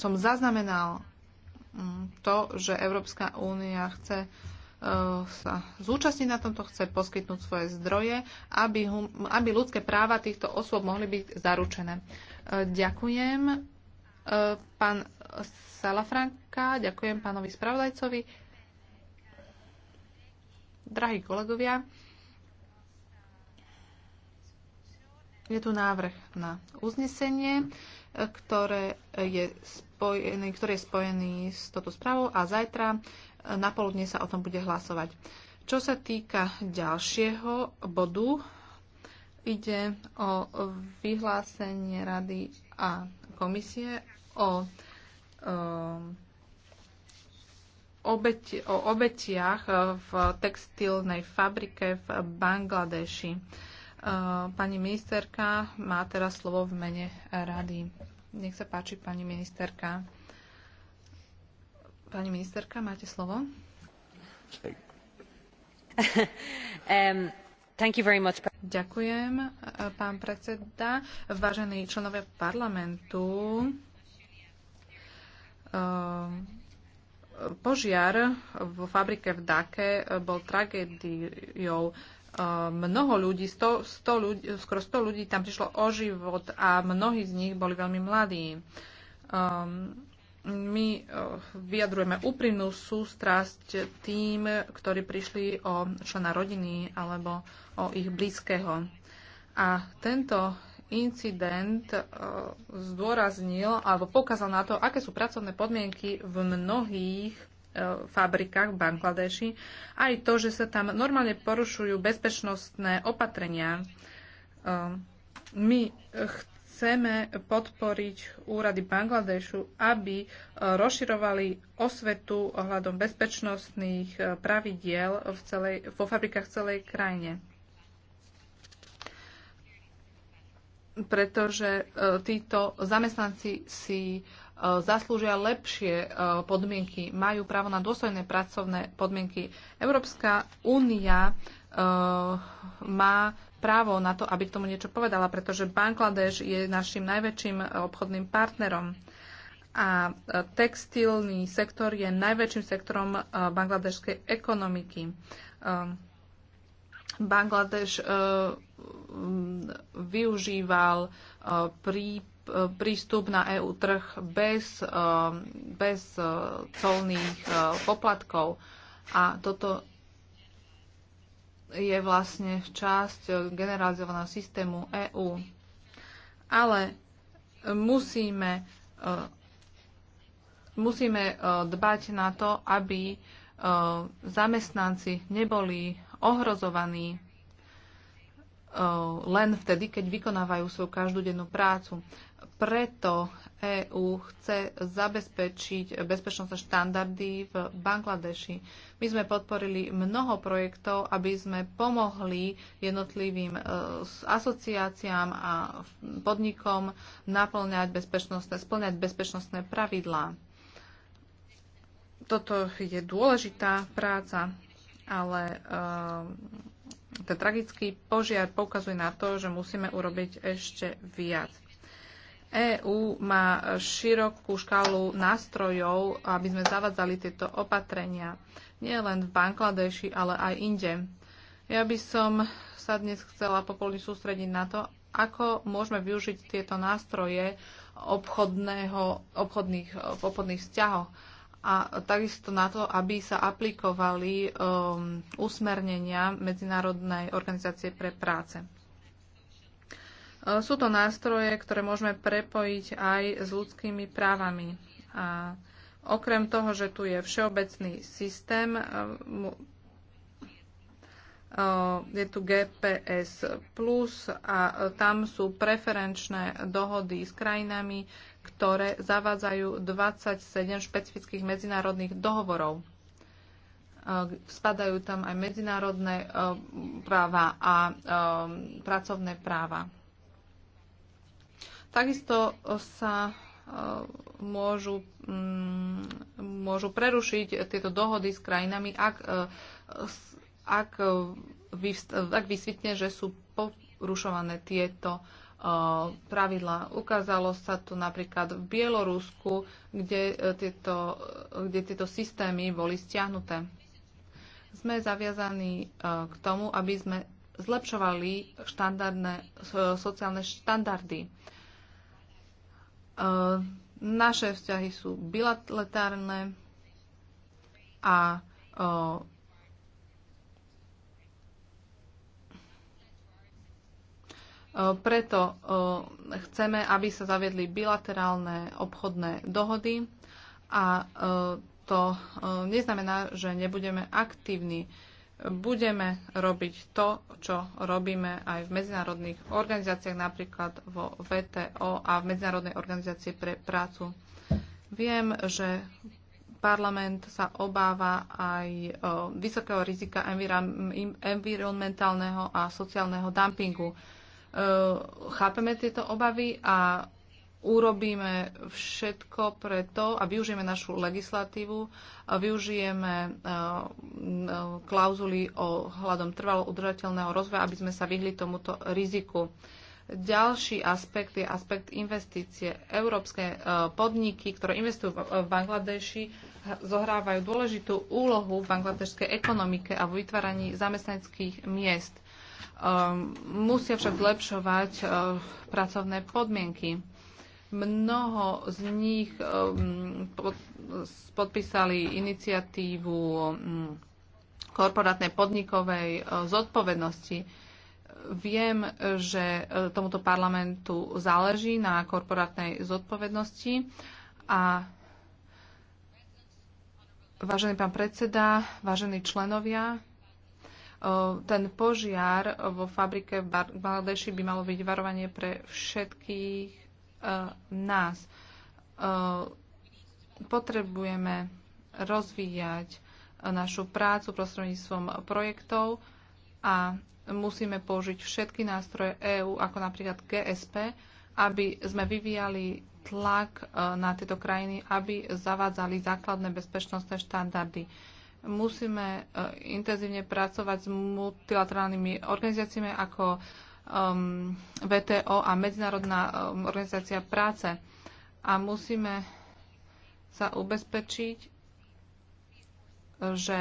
som zaznamenal mm, to, že Európska únia chce e, sa zúčastniť na tomto, chce poskytnúť svoje zdroje, aby, hum, aby ľudské práva týchto osôb mohli byť zaručené. E, ďakujem e, pán Salafranka, ďakujem pánovi spravodajcovi. Drahí kolegovia, je tu návrh na uznesenie, ktoré je spojený, ktorý je spojený s touto správou a zajtra e, na poludne sa o tom bude hlasovať. Čo sa týka ďalšieho bodu, ide o vyhlásenie rady a komisie o, e, o, o obetiach e, v textilnej fabrike v Bangladeši. Pani ministerka má teraz slovo v mene rady. Nech sa páči, pani ministerka. Pani ministerka, máte slovo. Ďakujem, pán predseda. Vážení členovia parlamentu, ehm, požiar vo fabrike v Dake bol tragédiou mnoho ľudí, 100, 100 ľudí, skoro 100 ľudí tam prišlo o život a mnohí z nich boli veľmi mladí. Um, my e, vyjadrujeme úprimnú sústrasť tým, ktorí prišli o člena rodiny alebo o ich blízkeho. A tento incident e, zdôraznil alebo pokázal na to, aké sú pracovné podmienky v mnohých E, fabrikách v Bangladeši, aj to, že sa tam normálne porušujú bezpečnostné opatrenia. E, my chceme podporiť úrady Bangladešu, aby e, rozširovali osvetu ohľadom bezpečnostných pravidiel v celej, vo fabrikách v celej krajine. Pretože títo zamestnanci si E, zaslúžia lepšie e, podmienky, majú právo na dôstojné pracovné podmienky. Európska únia e, má právo na to, aby k tomu niečo povedala, pretože Bangladeš je našim najväčším obchodným partnerom a textilný sektor je najväčším sektorom bangladežskej ekonomiky. Bangladeš využíval prí, prístup na EU trh bez, eh, bez eh, colných eh, poplatkov. A toto je vlastne časť generalizovaného systému EÚ. Ale musíme, musíme dbať na to, aby zamestnanci neboli ohrozovaní len vtedy, keď vykonávajú svoju každodennú prácu preto EÚ chce zabezpečiť bezpečnostné štandardy v Bangladeši. My sme podporili mnoho projektov, aby sme pomohli jednotlivým e, asociáciám a podnikom naplňať bezpečnostné, splňať bezpečnostné pravidlá. Toto je dôležitá práca, ale e, ten tragický požiar poukazuje na to, že musíme urobiť ešte viac. EÚ má širokú škálu nástrojov, aby sme zavadzali tieto opatrenia. Nie len v Bangladeši, ale aj inde. Ja by som sa dnes chcela popolne sústrediť na to, ako môžeme využiť tieto nástroje obchodného, obchodných, v obchodných vzťahoch a takisto na to, aby sa aplikovali um, usmernenia Medzinárodnej organizácie pre práce. Sú to nástroje, ktoré môžeme prepojiť aj s ľudskými právami. A okrem toho, že tu je všeobecný systém, e, e, je tu GPS plus a tam sú preferenčné dohody s krajinami, ktoré zavádzajú 27 špecifických medzinárodných dohovorov. E, spadajú tam aj medzinárodné práva a pracovné práva. Takisto sa e, môžu, mm, môžu prerušiť tieto dohody s krajinami, ak, e, ak, e, ak vysvitne, že sú porušované tieto pravidlá. Ukázalo sa to napríklad v Bielorusku, kde tieto, kde tieto systémy boli stiahnuté. Sme zaviazaní k tomu, aby sme zlepšovali štandardné sociálne štandardy E, naše vzťahy sú bilaterálne a e, e, Preto chceme, aby sa zaviedli bilaterálne obchodné dohody a to neznamená, že nebudeme aktívni budeme robiť to, čo robíme aj v medzinárodných organizáciách, napríklad vo VTO a v Medzinárodnej organizácii pre prácu. Viem, že parlament sa obáva aj e, vysokého rizika environmentálneho a sociálneho dumpingu. E, chápeme tieto obavy a urobíme všetko preto a využijeme našu legislatívu, a využijeme e, e, klauzuly o hľadom trvalo udržateľného rozvoja, aby sme sa vyhli tomuto riziku. Ďalší aspekt je aspekt investície. Európske e, podniky, ktoré investujú v Bangladeši, zohrávajú dôležitú úlohu v bangladešskej ekonomike a v vytváraní zamestnaneckých miest. Musia však zlepšovať pracovné podmienky Mnoho z nich um, podpísali iniciatívu um, korporátnej podnikovej uh, zodpovednosti. Viem, že uh, tomuto parlamentu záleží na korporátnej zodpovednosti a vážený pán predseda, vážení členovia, uh, ten požiar vo fabrike v Bangladeši by malo byť varovanie pre všetkých Eh, nás. Eh, potrebujeme rozvíjať eh, našu prácu prostredníctvom projektov a musíme použiť všetky nástroje EÚ, ako napríklad GSP, aby sme vyvíjali tlak na tieto krajiny, aby zavádzali základné bezpečnostné štandardy. Musíme intenzívne pracovať s multilaterálnymi organizáciami ako um, VTO a Medzinárodná um, organizácia práce. A musíme sa ubezpečiť, že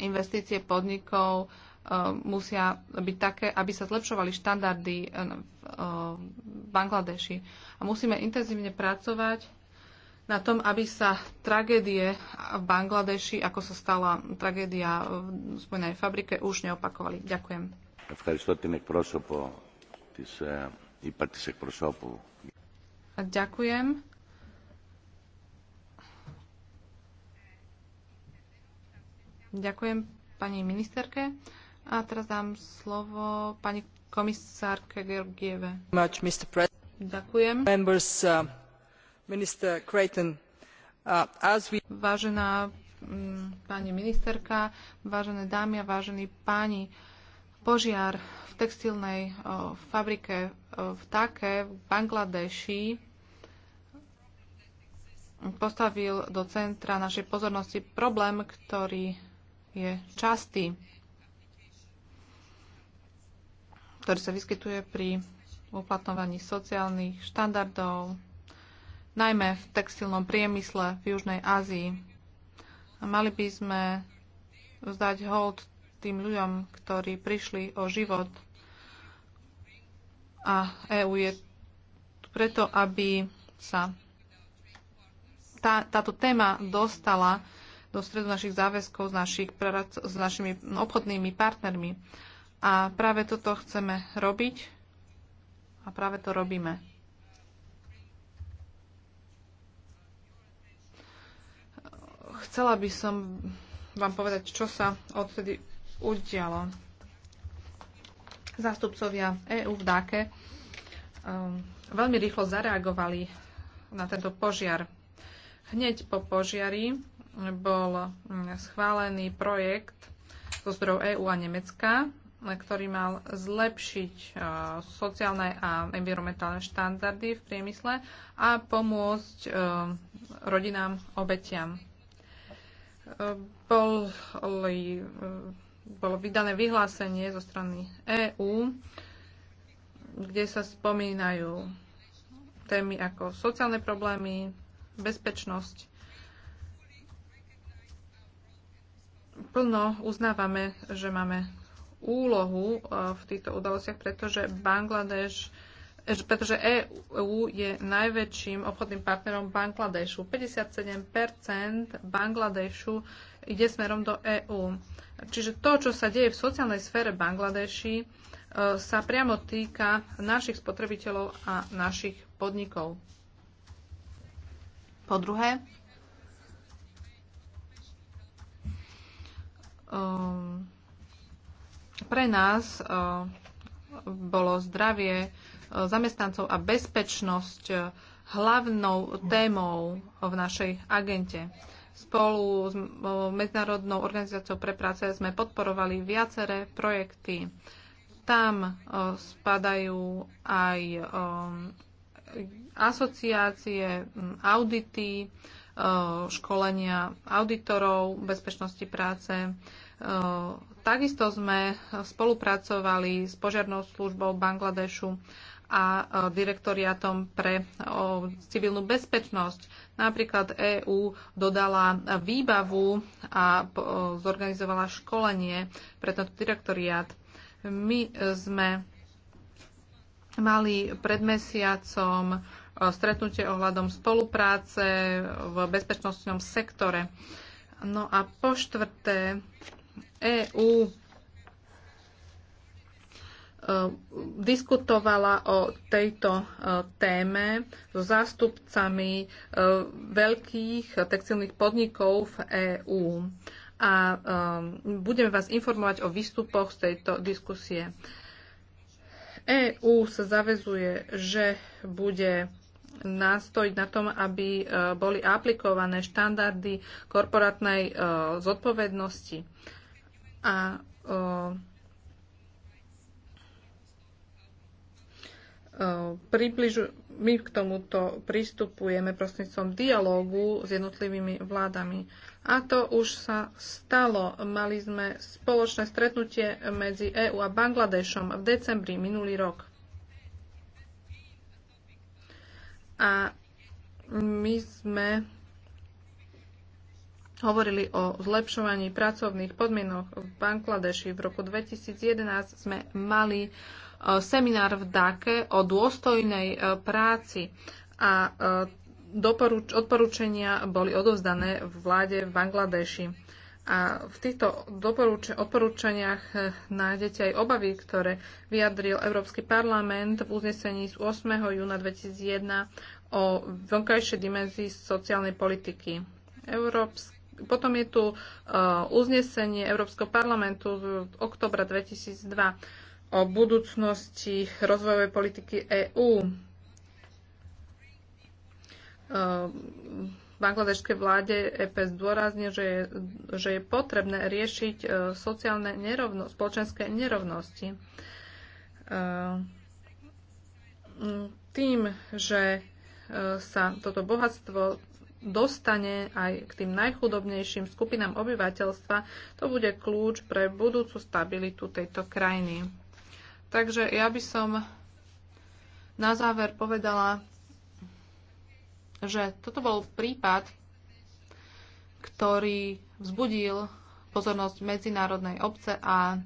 investície podnikov um, musia byť také, aby sa zlepšovali štandardy um, um, v Bangladeši. A musíme intenzívne pracovať na tom, aby sa tragédie v Bangladeši, ako sa stala tragédia v spojenej fabrike, už neopakovali. Ďakujem. Ευχαριστώ την εκπρόσωπο της, είπα της εκπροσώπου. Ďakujem. Ďakujem pani ministerke. A teraz dám slovo pani komisárke Georgieve. Much, Mr. President. Ďakujem. Members, uh, Minister Creighton, uh, as we... Vážená m, mm, pani ministerka, vážené dámy a vážení páni, uh, požiar v textilnej fabrike v Take v Bangladeši postavil do centra našej pozornosti problém, ktorý je častý, ktorý sa vyskytuje pri uplatňovaní sociálnych štandardov, najmä v textilnom priemysle v Južnej Ázii. A mali by sme vzdať hold tým ľuďom, ktorí prišli o život. A EÚ je preto, aby sa tá, táto téma dostala do stredu našich záväzkov s, našich, s našimi obchodnými partnermi. A práve toto chceme robiť a práve to robíme. Chcela by som vám povedať, čo sa odtedy udialo. Zástupcovia EÚ v Dáke um, veľmi rýchlo zareagovali na tento požiar. Hneď po požiari bol mm, schválený projekt zo zdrojov EÚ a Nemecka, ktorý mal zlepšiť uh, sociálne a environmentálne štandardy v priemysle a pomôcť uh, rodinám obetiam. Uh, boli uh, bolo vydané vyhlásenie zo strany EÚ, kde sa spomínajú témy ako sociálne problémy, bezpečnosť. Plno uznávame, že máme úlohu e, v týchto udalostiach, pretože Bangladeš e, pretože EU je najväčším obchodným partnerom Bangladešu. 57 Bangladešu ide smerom do EÚ. Čiže to, čo sa deje v sociálnej sfére Bangladeši, e, sa priamo týka našich spotrebiteľov a našich podnikov. Po druhé, e, pre nás e, bolo zdravie zamestnancov a bezpečnosť hlavnou témou v našej agente. Spolu s Medzinárodnou organizáciou pre práce sme podporovali viaceré projekty. Tam spadajú aj asociácie, audity, školenia auditorov bezpečnosti práce. Takisto sme e, spolupracovali s požiarnou službou Bangladešu a e, direktoriatom pre civilnú bezpečnosť. Napríklad EÚ dodala výbavu a e, zorganizovala školenie pre tento direktoriát. My sme mali pred mesiacom e, stretnutie ohľadom spolupráce v bezpečnostnom sektore. No a po štvrté, EÚ Eh, diskutovala o tejto eh, téme so zástupcami eh, veľkých textilných podnikov v EÚ a budeme vás informovať o výstupoch z tejto diskusie. EÚ sa zavezuje, že bude nástojiť na tom, aby boli aplikované štandardy korporátnej zodpovednosti. A Eh, približu, my k tomuto pristupujeme prostredníctvom dialógu s jednotlivými vládami. A to už sa stalo. Mali sme spoločné stretnutie medzi EÚ a Bangladešom v decembri minulý rok. A my sme hovorili o zlepšovaní pracovných podmienok v Bangladeši. V roku 2011 sme mali Eh, seminár v Dake o dôstojnej eh, práci a eh, odporúčania boli odovzdané vláde v Bangladeši. A v týchto odporúčaniach nájdete aj obavy, ktoré vyjadril Európsky parlament v uznesení z 8. júna 2001 o vonkajšej dimenzii sociálnej politiky. Európsk- potom je tu uh, uznesenie Európskeho parlamentu z oktobra 2002 o budúcnosti rozvojovej politiky EÚ. Bangladešskej vláde EP zdôrazne, že je, že je potrebné riešiť e, sociálne nerovno, spoločenské nerovnosti. E, tým, že e, sa toto bohatstvo dostane aj k tým najchudobnejším skupinám obyvateľstva, to bude kľúč pre budúcu stabilitu tejto krajiny. Takže ja by som na záver povedala, že toto bol prípad, ktorý vzbudil pozornosť medzinárodnej obce a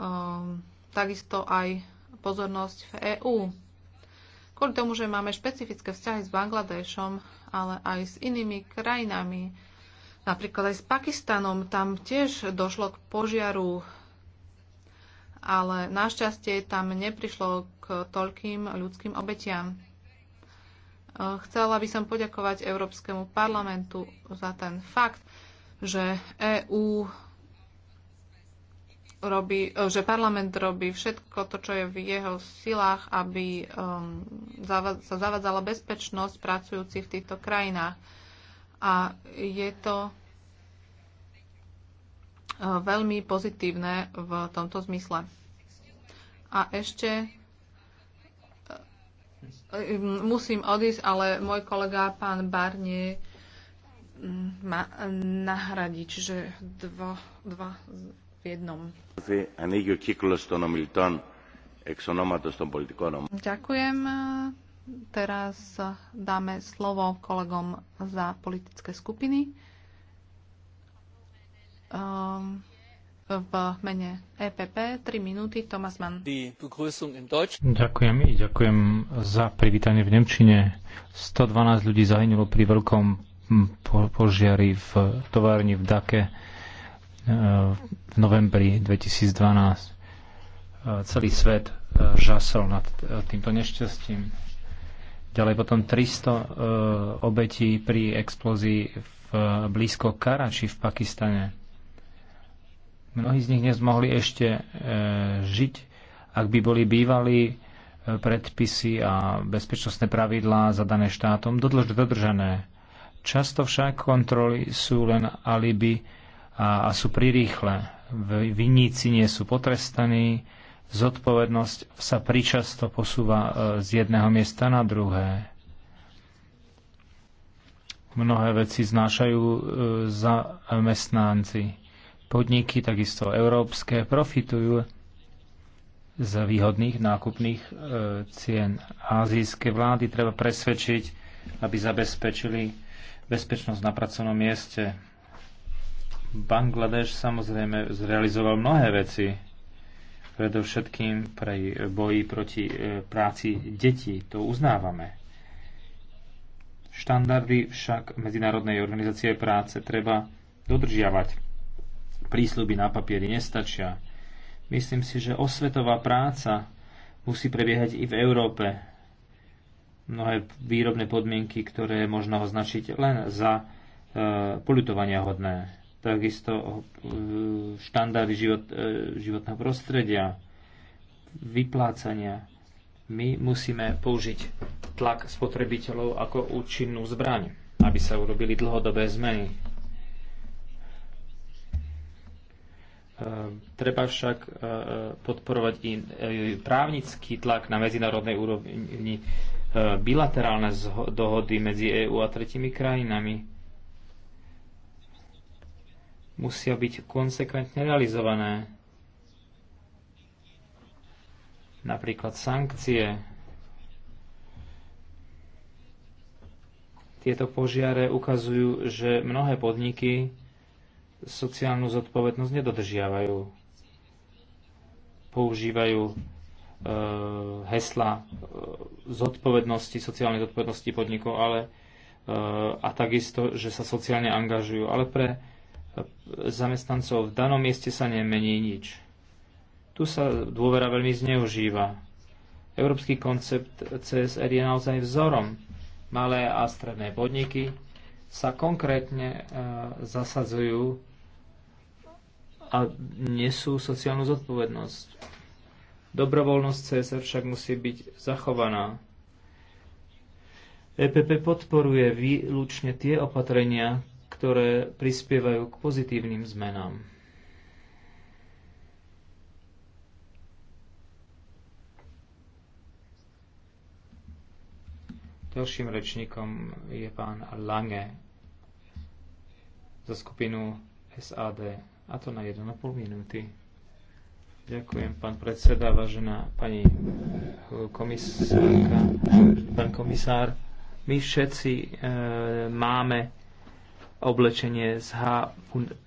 um, takisto aj pozornosť v EÚ. Kvôli tomu, že máme špecifické vzťahy s Bangladešom, ale aj s inými krajinami, napríklad aj s Pakistanom, tam tiež došlo k požiaru ale našťastie tam neprišlo k toľkým ľudským obetiam. Eh, chcela by som poďakovať Európskemu parlamentu za ten fakt, že EÚ robí, eh, že parlament robí všetko to, čo je v jeho silách, aby um, sa zavadzala bezpečnosť pracujúcich v týchto krajinách. A je to veľmi pozitívne v tomto zmysle. A ešte e, musím odísť, ale môj kolega pán Barnie mm, ma nahradí, čiže dva, dva v jednom. Ďakujem. Teraz dáme slovo kolegom za politické skupiny um, v mene EPP. 3 minúty, Thomas Mann. Ďakujem, ďakujem za privítanie v Nemčine. 112 ľudí zahynulo pri veľkom požiari v továrni v Dake e, v novembri 2012. E, celý svet e, žasol nad týmto nešťastím. Ďalej potom 300 obetí pri explózii v blízko Karači v Pakistane Mnohí z nich dnes mohli ešte e, žiť, ak by boli bývali e, predpisy a bezpečnostné pravidlá zadané štátom dodržané. Často však kontroly sú len alibi a, a sú prirýchle. Vinníci nie sú potrestaní, zodpovednosť sa pričasto posúva e, z jedného miesta na druhé. Mnohé veci znášajú e, zamestnanci podniky, takisto európske, profitujú z výhodných nákupných e, cien. Azijské vlády treba presvedčiť, aby zabezpečili bezpečnosť na pracovnom mieste. Bangladeš samozrejme zrealizoval mnohé veci, predovšetkým pre boji proti e, práci detí. To uznávame. Štandardy však Medzinárodnej organizácie práce treba dodržiavať prísľuby na papieri nestačia. Myslím si, že osvetová práca musí prebiehať i v Európe. Mnohé výrobné podmienky, ktoré možno označiť len za e, polutovania hodné. Takisto e, štandardy život, e, životného prostredia, vyplácania. My musíme použiť tlak spotrebiteľov ako účinnú zbraň, aby sa urobili dlhodobé zmeny E, treba však e, podporovať i e, právnický tlak na medzinárodnej úrovni, bilaterálne dohody medzi EÚ a tretimi krajinami musia byť konsekventne realizované. Napríklad sankcie. Tieto požiare ukazujú, že mnohé podniky sociálnu zodpovednosť nedodržiavajú. Používajú e, hesla e, zodpovednosti, sociálnej zodpovednosti podnikov, ale e, a takisto, že sa sociálne angažujú. Ale pre e, zamestnancov v danom mieste sa nemení nič. Tu sa dôvera veľmi zneužíva. Európsky koncept CSR je naozaj vzorom. Malé a stredné podniky, sa konkrétne e, zasadzujú a nesú sociálnu zodpovednosť. Dobrovoľnosť CSR však musí byť zachovaná. EPP podporuje výlučne tie opatrenia, ktoré prispievajú k pozitívnym zmenám. Ďalším rečníkom je pán Lange za skupinu SAD. A to na 1,5 minúty. Ďakujem, pán predseda, vážená pani eh, komisárka, pán komisár. My všetci e, máme oblečenie z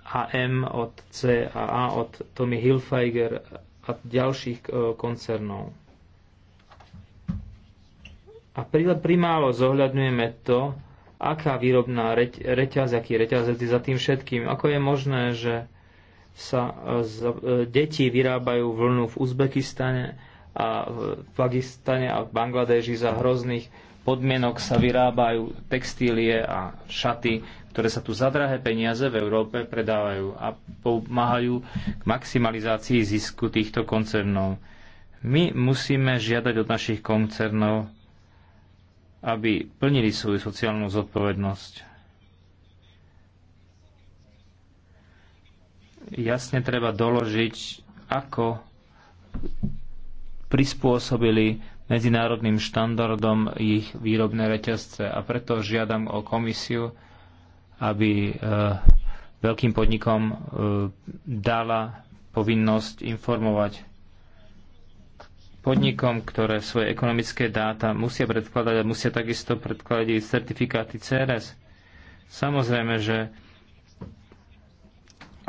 H&M od CAA, od Tommy Hilfiger a ďalších e, koncernov. A pri, primálo zohľadňujeme to, aká výrobná reť, reťaz, aký reťazec je za tým všetkým. Ako je možné, že sa e, z, e, deti vyrábajú vlnu v Uzbekistane a v Pakistane a v Bangladeži za hrozných podmienok sa vyrábajú textílie a šaty, ktoré sa tu za drahé peniaze v Európe predávajú a pomáhajú k maximalizácii zisku týchto koncernov. My musíme žiadať od našich koncernov, aby plnili svoju sociálnu zodpovednosť. Jasne treba doložiť, ako prispôsobili medzinárodným štandardom ich výrobné reťazce. A preto žiadam o komisiu, aby e, veľkým podnikom e, dala povinnosť informovať podnikom, ktoré svoje ekonomické dáta musia predkladať a musia takisto predkladať certifikáty CRS. Samozrejme, že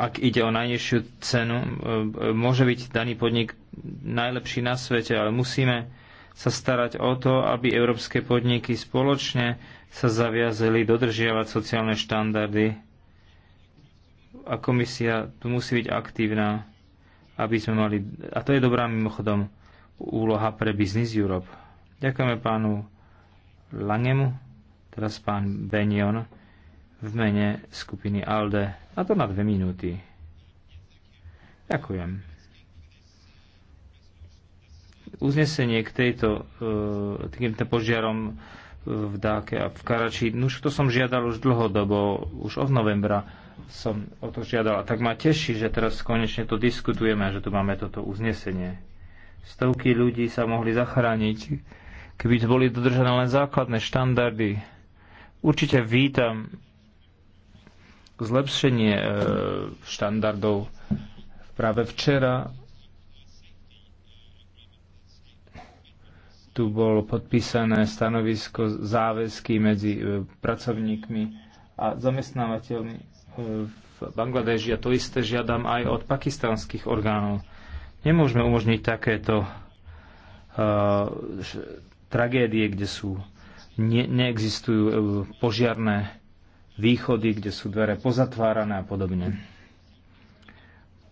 ak ide o najnižšiu cenu, e, e, môže byť daný podnik najlepší na svete, ale musíme sa starať o to, aby európske podniky spoločne sa zaviazali dodržiavať sociálne štandardy. A komisia tu musí byť aktívna, aby sme mali... A to je dobrá mimochodom úloha pre Business Europe. Ďakujeme pánu Langemu, teraz pán Benion v mene skupiny ALDE, a to na dve minúty. Ďakujem. Uznesenie k tejto, e, týmto požiarom v Dáke a v Karači. No už to som žiadal už dlhodobo, už od novembra som o to žiadal. A tak ma teší, že teraz konečne to diskutujeme a že tu máme toto uznesenie. Stovky ľudí sa mohli zachrániť, keby boli dodržané len základné štandardy. Určite vítam zlepšenie e, štandardov. Práve včera tu bolo podpísané stanovisko záväzky medzi e, pracovníkmi a zamestnávateľmi e, v Bangladeži a to isté žiadam aj od pakistanských orgánov. Nemôžeme umožniť takéto uh, tragédie, kde sú ne, neexistujú uh, požiarné východy, kde sú dvere pozatvárané a podobne.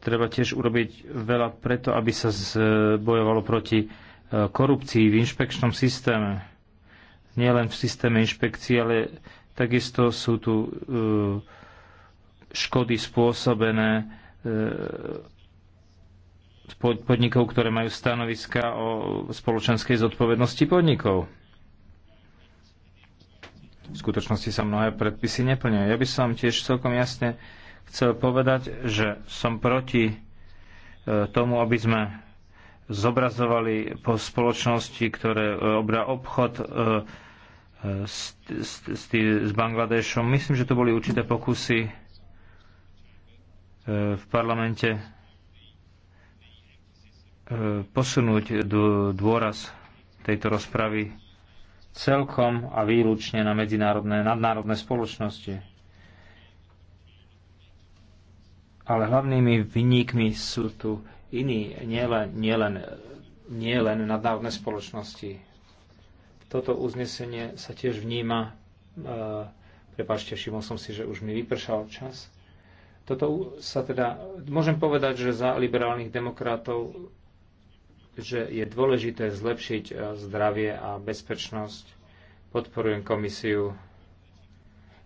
Treba tiež urobiť veľa preto, aby sa e, bojovalo proti e, korupcii v inšpekčnom systéme. Nie len v systéme inšpekcií, ale takisto sú tu e, škody spôsobené podnikov, ktoré majú stanoviska o spoločenskej zodpovednosti podnikov. V skutočnosti sa mnohé predpisy neplňajú. Ja by som tiež celkom jasne chcel povedať, že som proti e, tomu, aby sme zobrazovali po spoločnosti, ktoré e, obrá obchod e, s, s, s, s Bangladešom. Myslím, že to boli určité pokusy v parlamente posunúť dôraz tejto rozpravy celkom a výlučne na medzinárodné, nadnárodné spoločnosti. Ale hlavnými vynikmi sú tu iní, nielen, nie nielen nadnárodné spoločnosti. Toto uznesenie sa tiež vníma, e, prepáčte, všimol som si, že už mi vypršal čas. Toto sa teda, môžem povedať, že za liberálnych demokratov že je dôležité zlepšiť eh, zdravie a bezpečnosť. Podporujem komisiu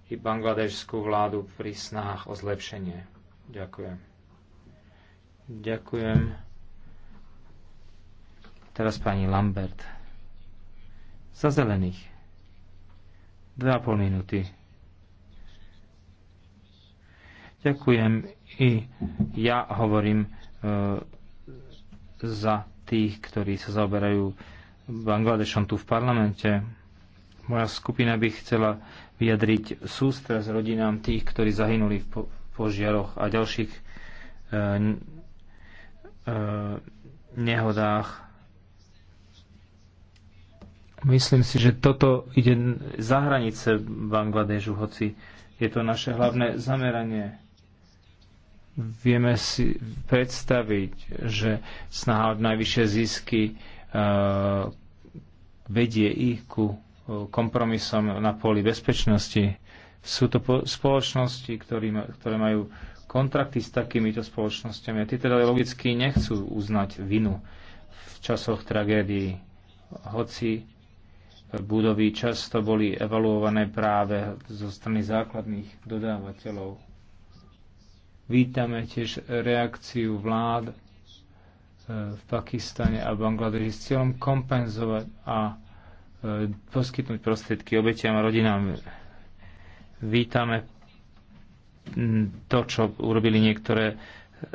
i bangladežskú vládu pri snách o zlepšenie. Ďakujem. Ďakujem. Teraz pani Lambert. Za zelených. pol minúty. Ďakujem. I ja hovorím e, za tých, ktorí sa zaoberajú Bangladešom tu v parlamente. Moja skupina by chcela vyjadriť sústra s rodinám tých, ktorí zahynuli v požiaroch a ďalších e, e, nehodách. Myslím si, že toto ide za hranice Bangladežu, hoci je to naše hlavné zameranie. Vieme si predstaviť, že snaha od najvyššie zisky e, vedie ich ku e, kompromisom na poli bezpečnosti. Sú to spoločnosti, ktoré majú kontrakty s takýmito spoločnosťami a tí teda logicky nechcú uznať vinu v časoch tragédií, hoci budovy často boli evaluované práve zo strany základných dodávateľov Vítame tiež reakciu vlád e, v Pakistane a Bangladeži s cieľom kompenzovať a e, poskytnúť prostriedky obetiam a rodinám. Vítame to, čo urobili niektoré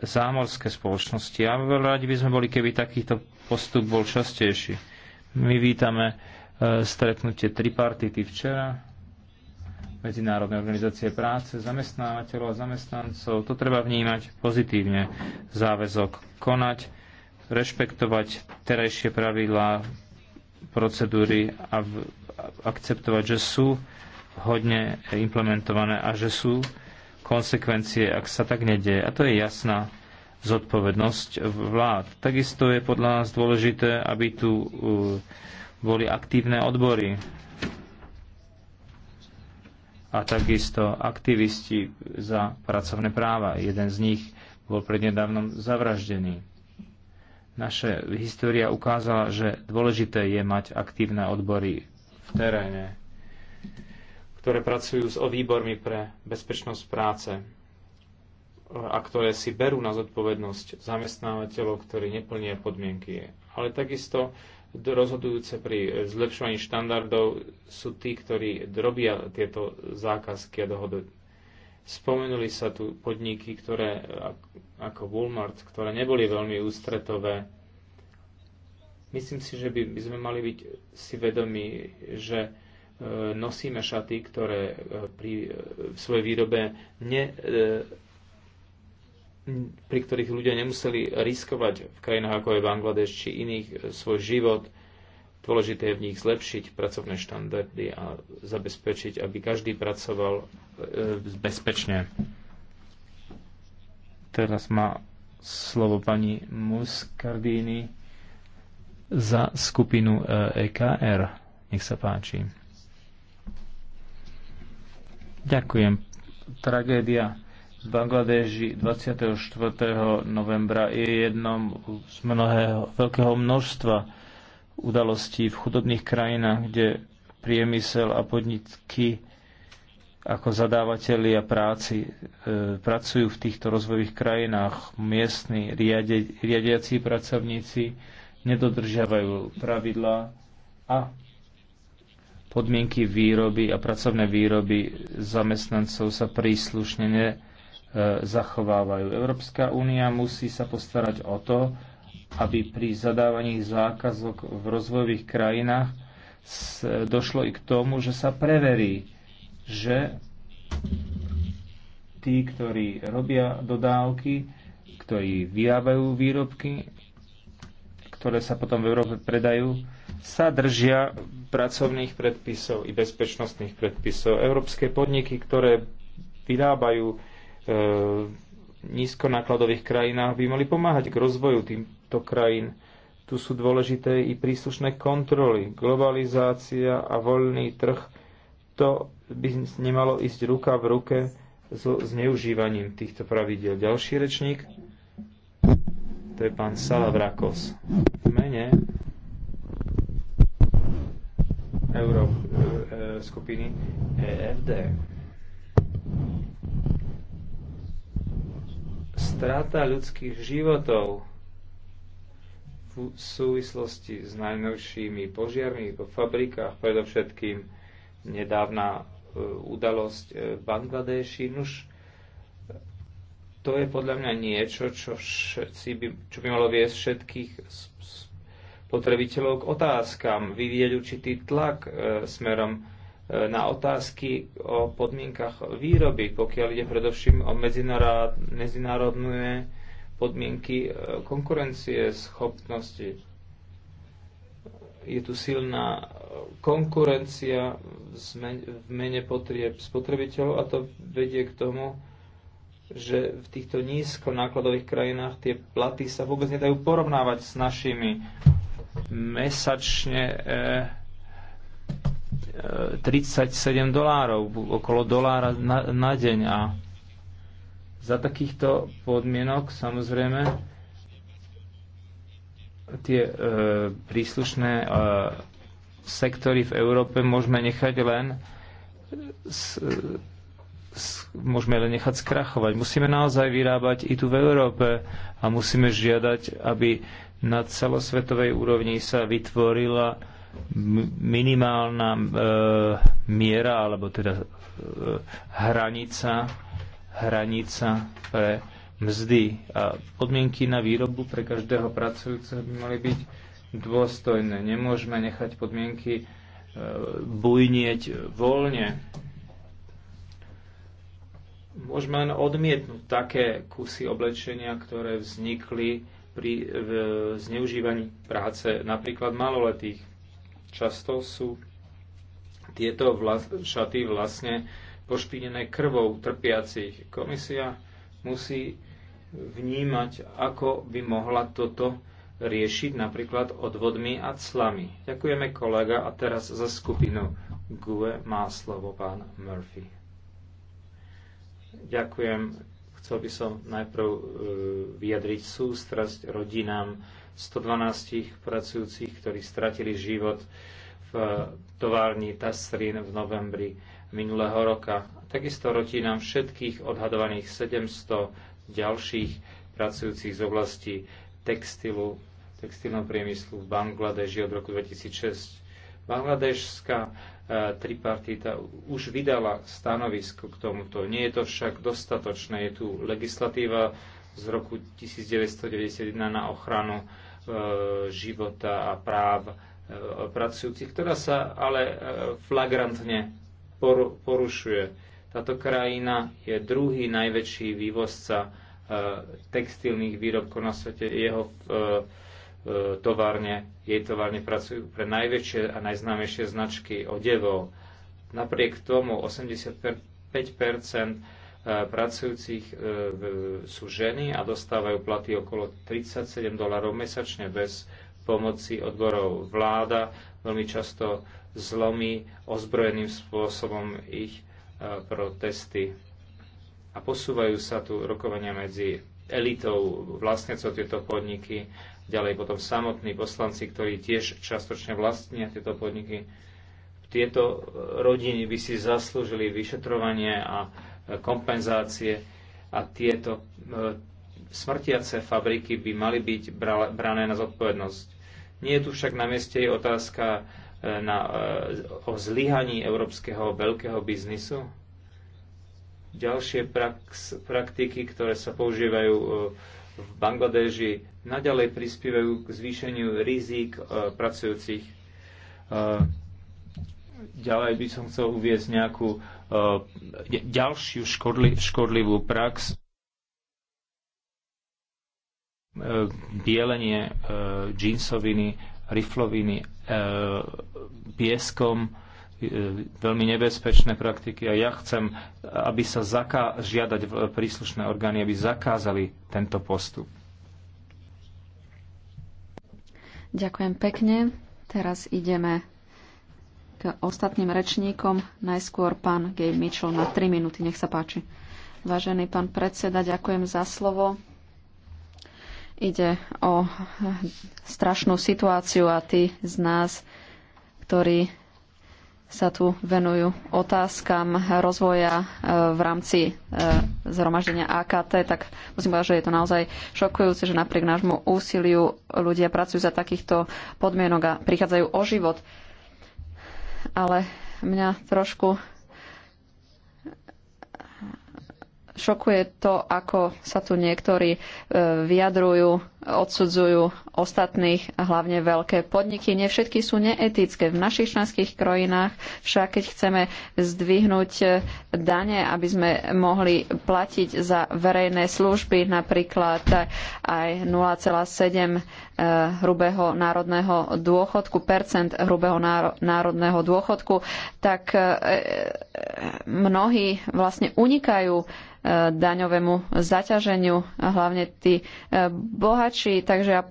zámorské spoločnosti. A radi by sme boli, keby takýto postup bol častejší. My vítame e, stretnutie tripartity včera Medzinárodné organizácie práce, zamestnávateľov a zamestnancov. To treba vnímať pozitívne. Záväzok konať, rešpektovať terajšie pravidlá, procedúry a v, akceptovať, že sú hodne implementované a že sú konsekvencie, ak sa tak nedieje. A to je jasná zodpovednosť vlád. Takisto je podľa nás dôležité, aby tu uh, boli aktívne odbory, a takisto aktivisti za pracovné práva. Jeden z nich bol prednedávnom zavraždený. Naša história ukázala, že dôležité je mať aktívne odbory v teréne, ktoré pracujú s výbormi pre bezpečnosť práce a ktoré si berú na zodpovednosť zamestnávateľov, ktorí neplnia podmienky. Ale takisto rozhodujúce pri zlepšovaní štandardov sú tí, ktorí robia tieto zákazky a dohody. Spomenuli sa tu podniky, ktoré, ako Walmart, ktoré neboli veľmi ústretové. Myslím si, že by, by sme mali byť si vedomi, že e, nosíme šaty, ktoré e, pri e, svojej výrobe ne, pri ktorých ľudia nemuseli riskovať v krajinách ako je Bangladeš či iných e, svoj život. Dôležité je v nich zlepšiť pracovné štandardy a zabezpečiť, aby každý pracoval e, bezpečne. Teraz má slovo pani Muscardini za skupinu EKR. E Nech sa páči. Ďakujem. Tragédia v Bangladeži 24. novembra je jednom z mnohého, veľkého množstva udalostí v chudobných krajinách, kde priemysel a podniky ako zadávateľi a práci e, pracujú v týchto rozvojových krajinách. Miestni riade, riadiaci pracovníci nedodržiavajú pravidlá a podmienky výroby a pracovné výroby zamestnancov sa príslušne ne, zachovávajú. Európska únia musí sa postarať o to, aby pri zadávaní zákazok v rozvojových krajinách došlo i k tomu, že sa preverí, že tí, ktorí robia dodávky, ktorí vyrábajú výrobky, ktoré sa potom v Európe predajú, sa držia pracovných predpisov i bezpečnostných predpisov. Európske podniky, ktoré vyrábajú E, nízkonákladových krajinách by mali pomáhať k rozvoju týmto krajín. Tu sú dôležité i príslušné kontroly. Globalizácia a voľný trh, to by nemalo ísť ruka v ruke so zneužívaním týchto pravidel. Ďalší rečník, to je pán Salavrakos. V mene Euró, e, skupiny EFD strata ľudských životov v súvislosti s najnovšími požiarmi vo fabrikách, predovšetkým nedávna e, udalosť e, v Bangladeši. Nuž, to je podľa mňa niečo, čo, všetci by, čo by malo viesť všetkých spotrebiteľov k otázkam, vyvieť určitý tlak e, smerom na otázky o podmienkach výroby, pokiaľ ide predovším o medzinárodné podmienky e, konkurencie, schopnosti. Je tu silná e, konkurencia v mene potrieb spotrebiteľov a to vedie k tomu, že v týchto nízko nákladových krajinách tie platy sa vôbec nedajú porovnávať s našimi. Mesačne eh, 37 dolárov, okolo dolára na, na deň a za takýchto podmienok samozrejme tie e, príslušné e, sektory v Európe môžeme nechať len s, s, môžeme len nechať skrachovať. Musíme naozaj vyrábať i tu v Európe a musíme žiadať, aby na celosvetovej úrovni sa vytvorila minimálna e, miera alebo teda e, hranica, hranica pre mzdy a podmienky na výrobu pre každého pracujúceho by mali byť dôstojné. Nemôžeme nechať podmienky e, bujnieť voľne. Môžeme len odmietnúť také kusy oblečenia, ktoré vznikli pri e, zneužívaní práce napríklad maloletých Často sú tieto vlast, šaty vlastne pošpinené krvou trpiacich. Komisia musí vnímať, ako by mohla toto riešiť napríklad odvodmi a clami. Ďakujeme kolega a teraz za skupinu GUE má slovo pán Murphy. Ďakujem. Chcel by som najprv e, vyjadriť sústrasť rodinám 112 pracujúcich, ktorí stratili život v továrni Tasrin v novembri minulého roka. Takisto rotí nám všetkých odhadovaných 700 ďalších pracujúcich z oblasti textilu, textilného priemyslu v Bangladeži od roku 2006. Bangladešská e, tripartita už vydala stanovisko k tomuto. Nie je to však dostatočné. Je tu legislatíva z roku 1991 na ochranu E, života a práv e, pracujúcich, ktorá sa ale e, flagrantne porušuje. Táto krajina je druhý najväčší vývozca textilných výrobkov na svete. Jeho továrne, jej továrne pracujú pre najväčšie a najznámejšie značky odevov. Napriek tomu 85 E, pracujúcich e, sú ženy a dostávajú platy okolo 37 dolarov mesačne bez pomoci odborov. Vláda veľmi často zlomí ozbrojeným spôsobom ich e, protesty. A posúvajú sa tu rokovania medzi elitou vlastnecov tieto podniky, ďalej potom samotní poslanci, ktorí tiež častočne vlastnia tieto podniky. Tieto rodiny by si zaslúžili vyšetrovanie a kompenzácie a tieto e, smrtiace fabriky by mali byť brané na zodpovednosť. Nie je tu však na mieste otázka e, na, e, o zlyhaní európskeho veľkého biznisu. Ďalšie prax, praktiky, ktoré sa používajú v Bangladeži, naďalej prispievajú k zvýšeniu rizík pracujúcich Ďalej by som chcel uviezť nejakú eh, ďalšiu škodli, škodlivú prax. Eh, bielenie eh, džínsoviny, rifloviny pieskom, veľmi nebezpečné praktiky a ja chcem, aby sa zaká- žiadať príslušné orgány, aby zakázali tento postup. Ďakujem pekne. Teraz ideme k ostatným rečníkom. Najskôr pán Gay Mitchell na 3 minúty. Nech sa páči. Vážený pán predseda, ďakujem za slovo. Ide o strašnú situáciu a tí z nás, ktorí sa tu venujú otázkam rozvoja e, v rámci e, zhromaždenia AKT, tak musím povedať, že je to naozaj šokujúce, že napriek nášmu úsiliu ľudia pracujú za takýchto podmienok a prichádzajú o život ale mňa trošku šokuje to, ako sa tu niektorí e, vyjadrujú, odsudzujú ostatných a hlavne veľké podniky. Nie všetky sú neetické. V našich členských krajinách však, keď chceme zdvihnúť e, dane, aby sme mohli platiť za verejné služby, napríklad aj 0,7 e, hrubého národného dôchodku, percent hrubého národného dôchodku, tak mnohí vlastne unikajú daňovému zaťaženiu, hlavne tí e, bohatší. Takže ja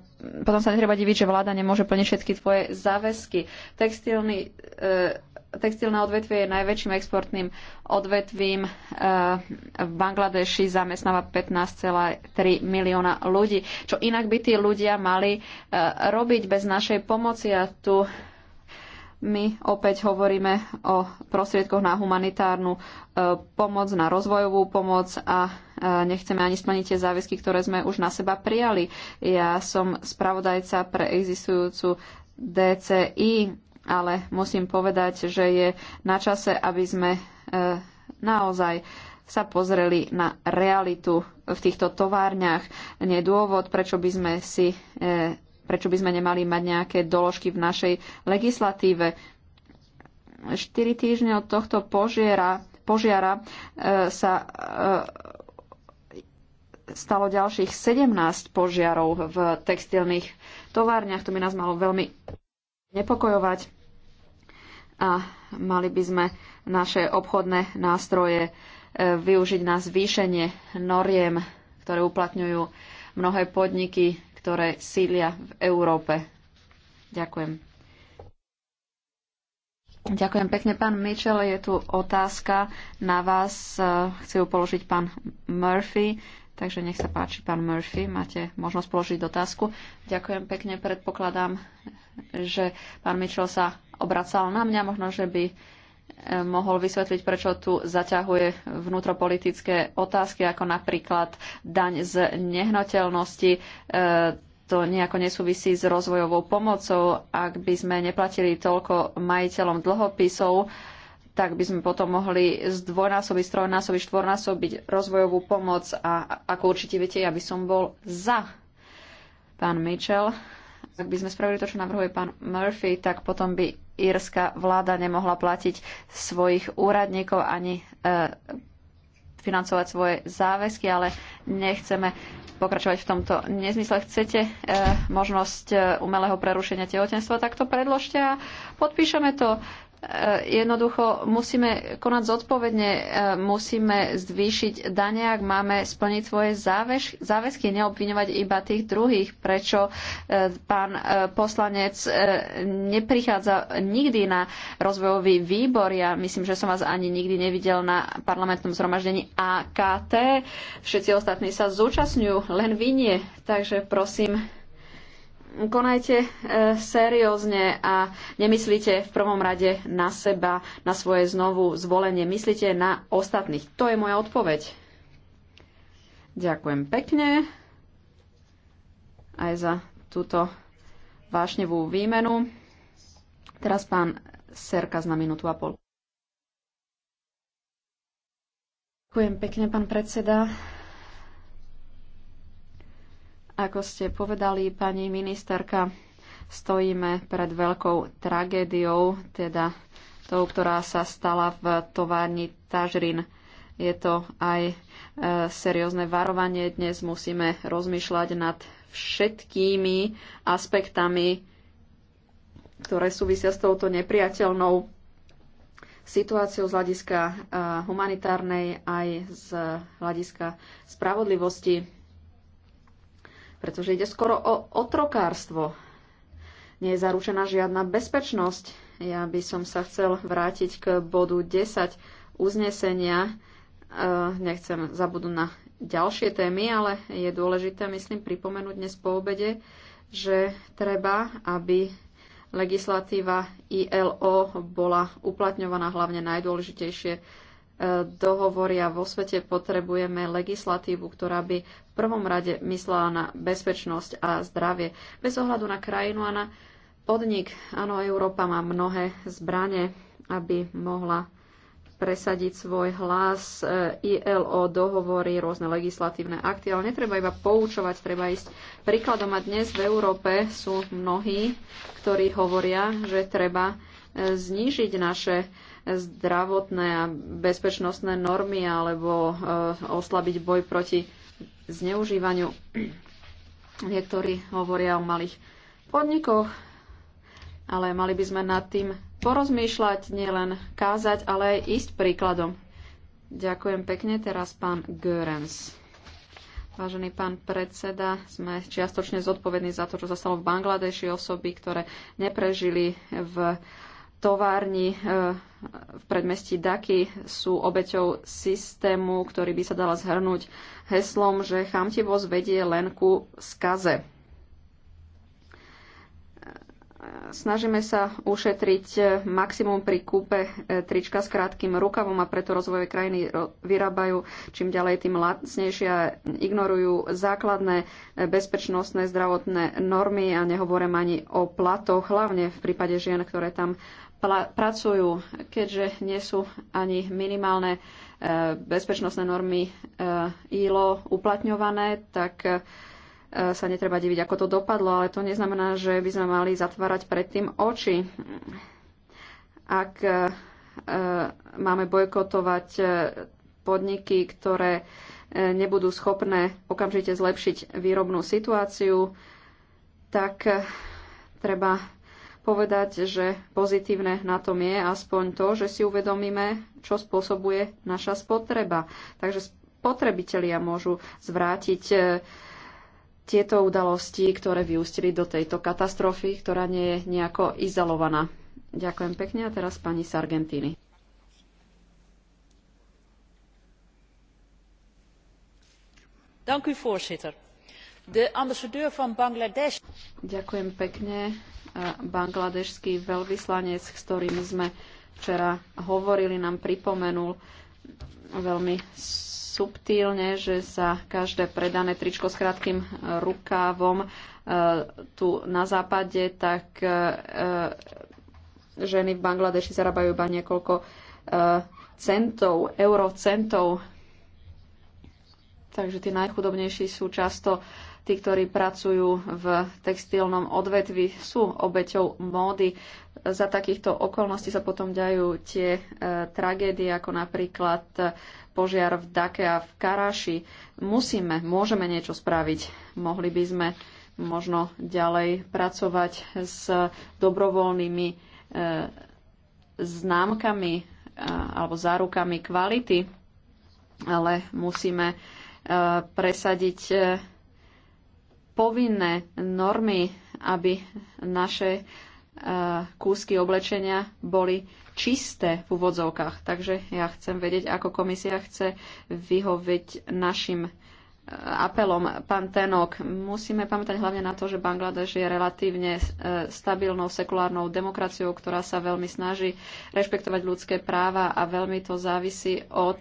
potom sa netreba diviť, že vláda nemôže plniť všetky tvoje záväzky. Textilný, e, textilné odvetvie je najväčším exportným odvetvím. E, v Bangladeši zamestnáva 15,3 milióna ľudí. Čo inak by tí ľudia mali e, robiť bez našej pomoci a tu my opäť hovoríme o prostriedkoch na humanitárnu e, pomoc, na rozvojovú pomoc a e, nechceme ani splniť tie záväzky, ktoré sme už na seba prijali. Ja som spravodajca pre existujúcu DCI, ale musím povedať, že je na čase, aby sme e, naozaj sa pozreli na realitu v týchto továrniach. Nie dôvod, prečo by sme si prečo by sme nemali mať nejaké doložky v našej legislatíve. 4 týždne od tohto požiara, požiara e, sa e, stalo ďalších 17 požiarov v textilných továrniach. To by nás malo veľmi nepokojovať a mali by sme naše obchodné nástroje e, využiť na zvýšenie noriem, ktoré uplatňujú mnohé podniky ktoré sídlia v Európe. Ďakujem. Ďakujem pekne, pán Mitchell. Je tu otázka na vás. Chce ju položiť pán Murphy. Takže nech sa páči, pán Murphy, máte možnosť položiť otázku. Ďakujem pekne, predpokladám, že pán Mitchell sa obracal na mňa, možno, že by mohol vysvetliť, prečo tu zaťahuje vnútropolitické otázky, ako napríklad daň z nehnuteľnosti. E, to nejako nesúvisí s rozvojovou pomocou. Ak by sme neplatili toľko majiteľom dlhopisov, tak by sme potom mohli zdvojnásobiť, trojnásobiť, štvornásobiť rozvojovú pomoc a ako určite viete, ja by som bol za. Pán Mitchell, ak by sme spravili to, čo navrhuje pán Murphy, tak potom by írska vláda nemohla platiť svojich úradníkov ani e, financovať svoje záväzky, ale nechceme pokračovať v tomto nezmysle. Chcete e, možnosť e, umelého prerušenia tehotenstva, tak to predložte a podpíšeme to. Eh, jednoducho musíme konať zodpovedne, eh, musíme zvýšiť dane, ak máme splniť svoje záväzky, neobviňovať iba tých druhých, prečo eh, pán poslanec neprichádza nikdy na rozvojový výbor. Ja myslím, že som vás ani nikdy nevidel na parlamentnom zhromaždení AKT. Všetci ostatní sa zúčastňujú, len vy nie. Takže prosím, konajte e, seriózne a nemyslíte v prvom rade na seba, na svoje znovu zvolenie. Myslíte na ostatných. To je moja odpoveď. Ďakujem pekne aj za túto vášnevú výmenu. Teraz pán serkaz na minútu a pol. Ďakujem pekne, pán predseda. Ako ste povedali, pani ministerka, stojíme pred veľkou tragédiou, teda tou, ktorá sa stala v továrni Tažrin. Je to aj e, seriózne varovanie. Dnes musíme rozmýšľať nad všetkými aspektami, ktoré súvisia s touto nepriateľnou situáciou z hľadiska e, humanitárnej aj z hľadiska spravodlivosti pretože ide skoro o otrokárstvo. Nie je zaručená žiadna bezpečnosť. Ja by som sa chcel vrátiť k bodu 10 uznesenia. E, nechcem zabudnúť na ďalšie témy, ale je dôležité, myslím, pripomenúť dnes po obede, že treba, aby legislatíva ILO bola uplatňovaná hlavne najdôležitejšie dohovoria vo svete, potrebujeme legislatívu, ktorá by v prvom rade myslela na bezpečnosť a zdravie. Bez ohľadu na krajinu a na podnik, áno, Európa má mnohé zbranie, aby mohla presadiť svoj hlas, ILO, dohovory, rôzne legislatívne akty, ale netreba iba poučovať, treba ísť príkladom. A dnes v Európe sú mnohí, ktorí hovoria, že treba znížiť naše zdravotné a bezpečnostné normy alebo e, oslabiť boj proti zneužívaniu. Niektorí hovoria o malých podnikoch, ale mali by sme nad tým porozmýšľať, nielen kázať, ale aj ísť príkladom. Ďakujem pekne. Teraz pán Görens. Vážený pán predseda, sme čiastočne zodpovední za to, čo sa stalo v Bangladeši osoby, ktoré neprežili v továrni e, v predmestí Daky sú obeťou systému, ktorý by sa dala zhrnúť heslom, že chamtivosť vedie len ku skaze. E, snažíme sa ušetriť maximum pri kúpe e, trička s krátkým rukavom a preto rozvojové krajiny vyrábajú čím ďalej tým lacnejšie a ignorujú základné bezpečnostné zdravotné normy a nehovorím ani o platoch, hlavne v prípade žien, ktoré tam pracujú, keďže nie sú ani minimálne e, bezpečnostné normy e, ILO uplatňované, tak e, sa netreba diviť, ako to dopadlo, ale to neznamená, že by sme mali zatvárať predtým oči. Ak máme bojkotovať podniky, ktoré nebudú schopné okamžite zlepšiť výrobnú situáciu, tak treba povedať, že pozitívne na tom je aspoň to, že si uvedomíme, čo spôsobuje naša spotreba. Takže spotrebitelia môžu zvrátiť e, tieto udalosti, ktoré vyústili do tejto katastrofy, ktorá nie je nejako izolovaná. Ďakujem pekne a teraz pani Sargentini. Argentíny. Ďakujem pekne bangladešský veľvyslanec, s ktorým sme včera hovorili, nám pripomenul veľmi subtilne, že sa každé predané tričko s krátkým rukávom e, tu na západe, tak e, e, ženy v Bangladeši zarábajú iba niekoľko centov, eurocentov. Takže tí najchudobnejší sú často Tí, ktorí pracujú v textilnom odvetvi, sú obeťou módy. Za takýchto okolností sa potom dajú tie e, tragédie, ako napríklad e, požiar v Dake a v Karaši. Musíme, môžeme niečo spraviť. Mohli by sme možno ďalej pracovať s dobrovoľnými e, známkami e, alebo zárukami kvality, ale musíme e, presadiť e, povinné normy, aby naše e, kúsky oblečenia boli čisté v úvodzovkách. Takže ja chcem vedieť, ako komisia chce vyhoviť našim e, apelom. Pán Tenok, musíme pamätať hlavne na to, že Bangladeš je relatívne e, stabilnou sekulárnou demokraciou, ktorá sa veľmi snaží rešpektovať ľudské práva a veľmi to závisí od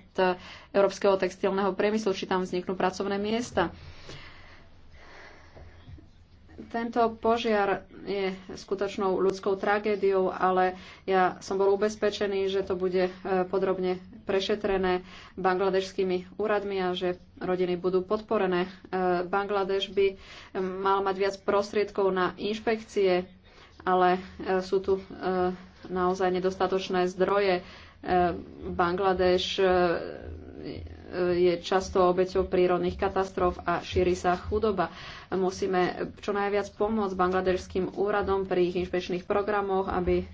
európskeho textilného priemyslu, či tam vzniknú pracovné miesta. Tento požiar je skutočnou ľudskou tragédiou, ale ja som bol ubezpečený, že to bude e, podrobne prešetrené bangladežskými úradmi a že rodiny budú podporené. E, Bangladeš by e, mal mať viac prostriedkov na inšpekcie, ale sú tu naozaj nedostatočné zdroje. Bangladeš je často obeťou prírodných katastrof a šíri sa chudoba. Musíme čo najviac pomôcť bangladežským úradom pri ich inšpečných programoch, aby e,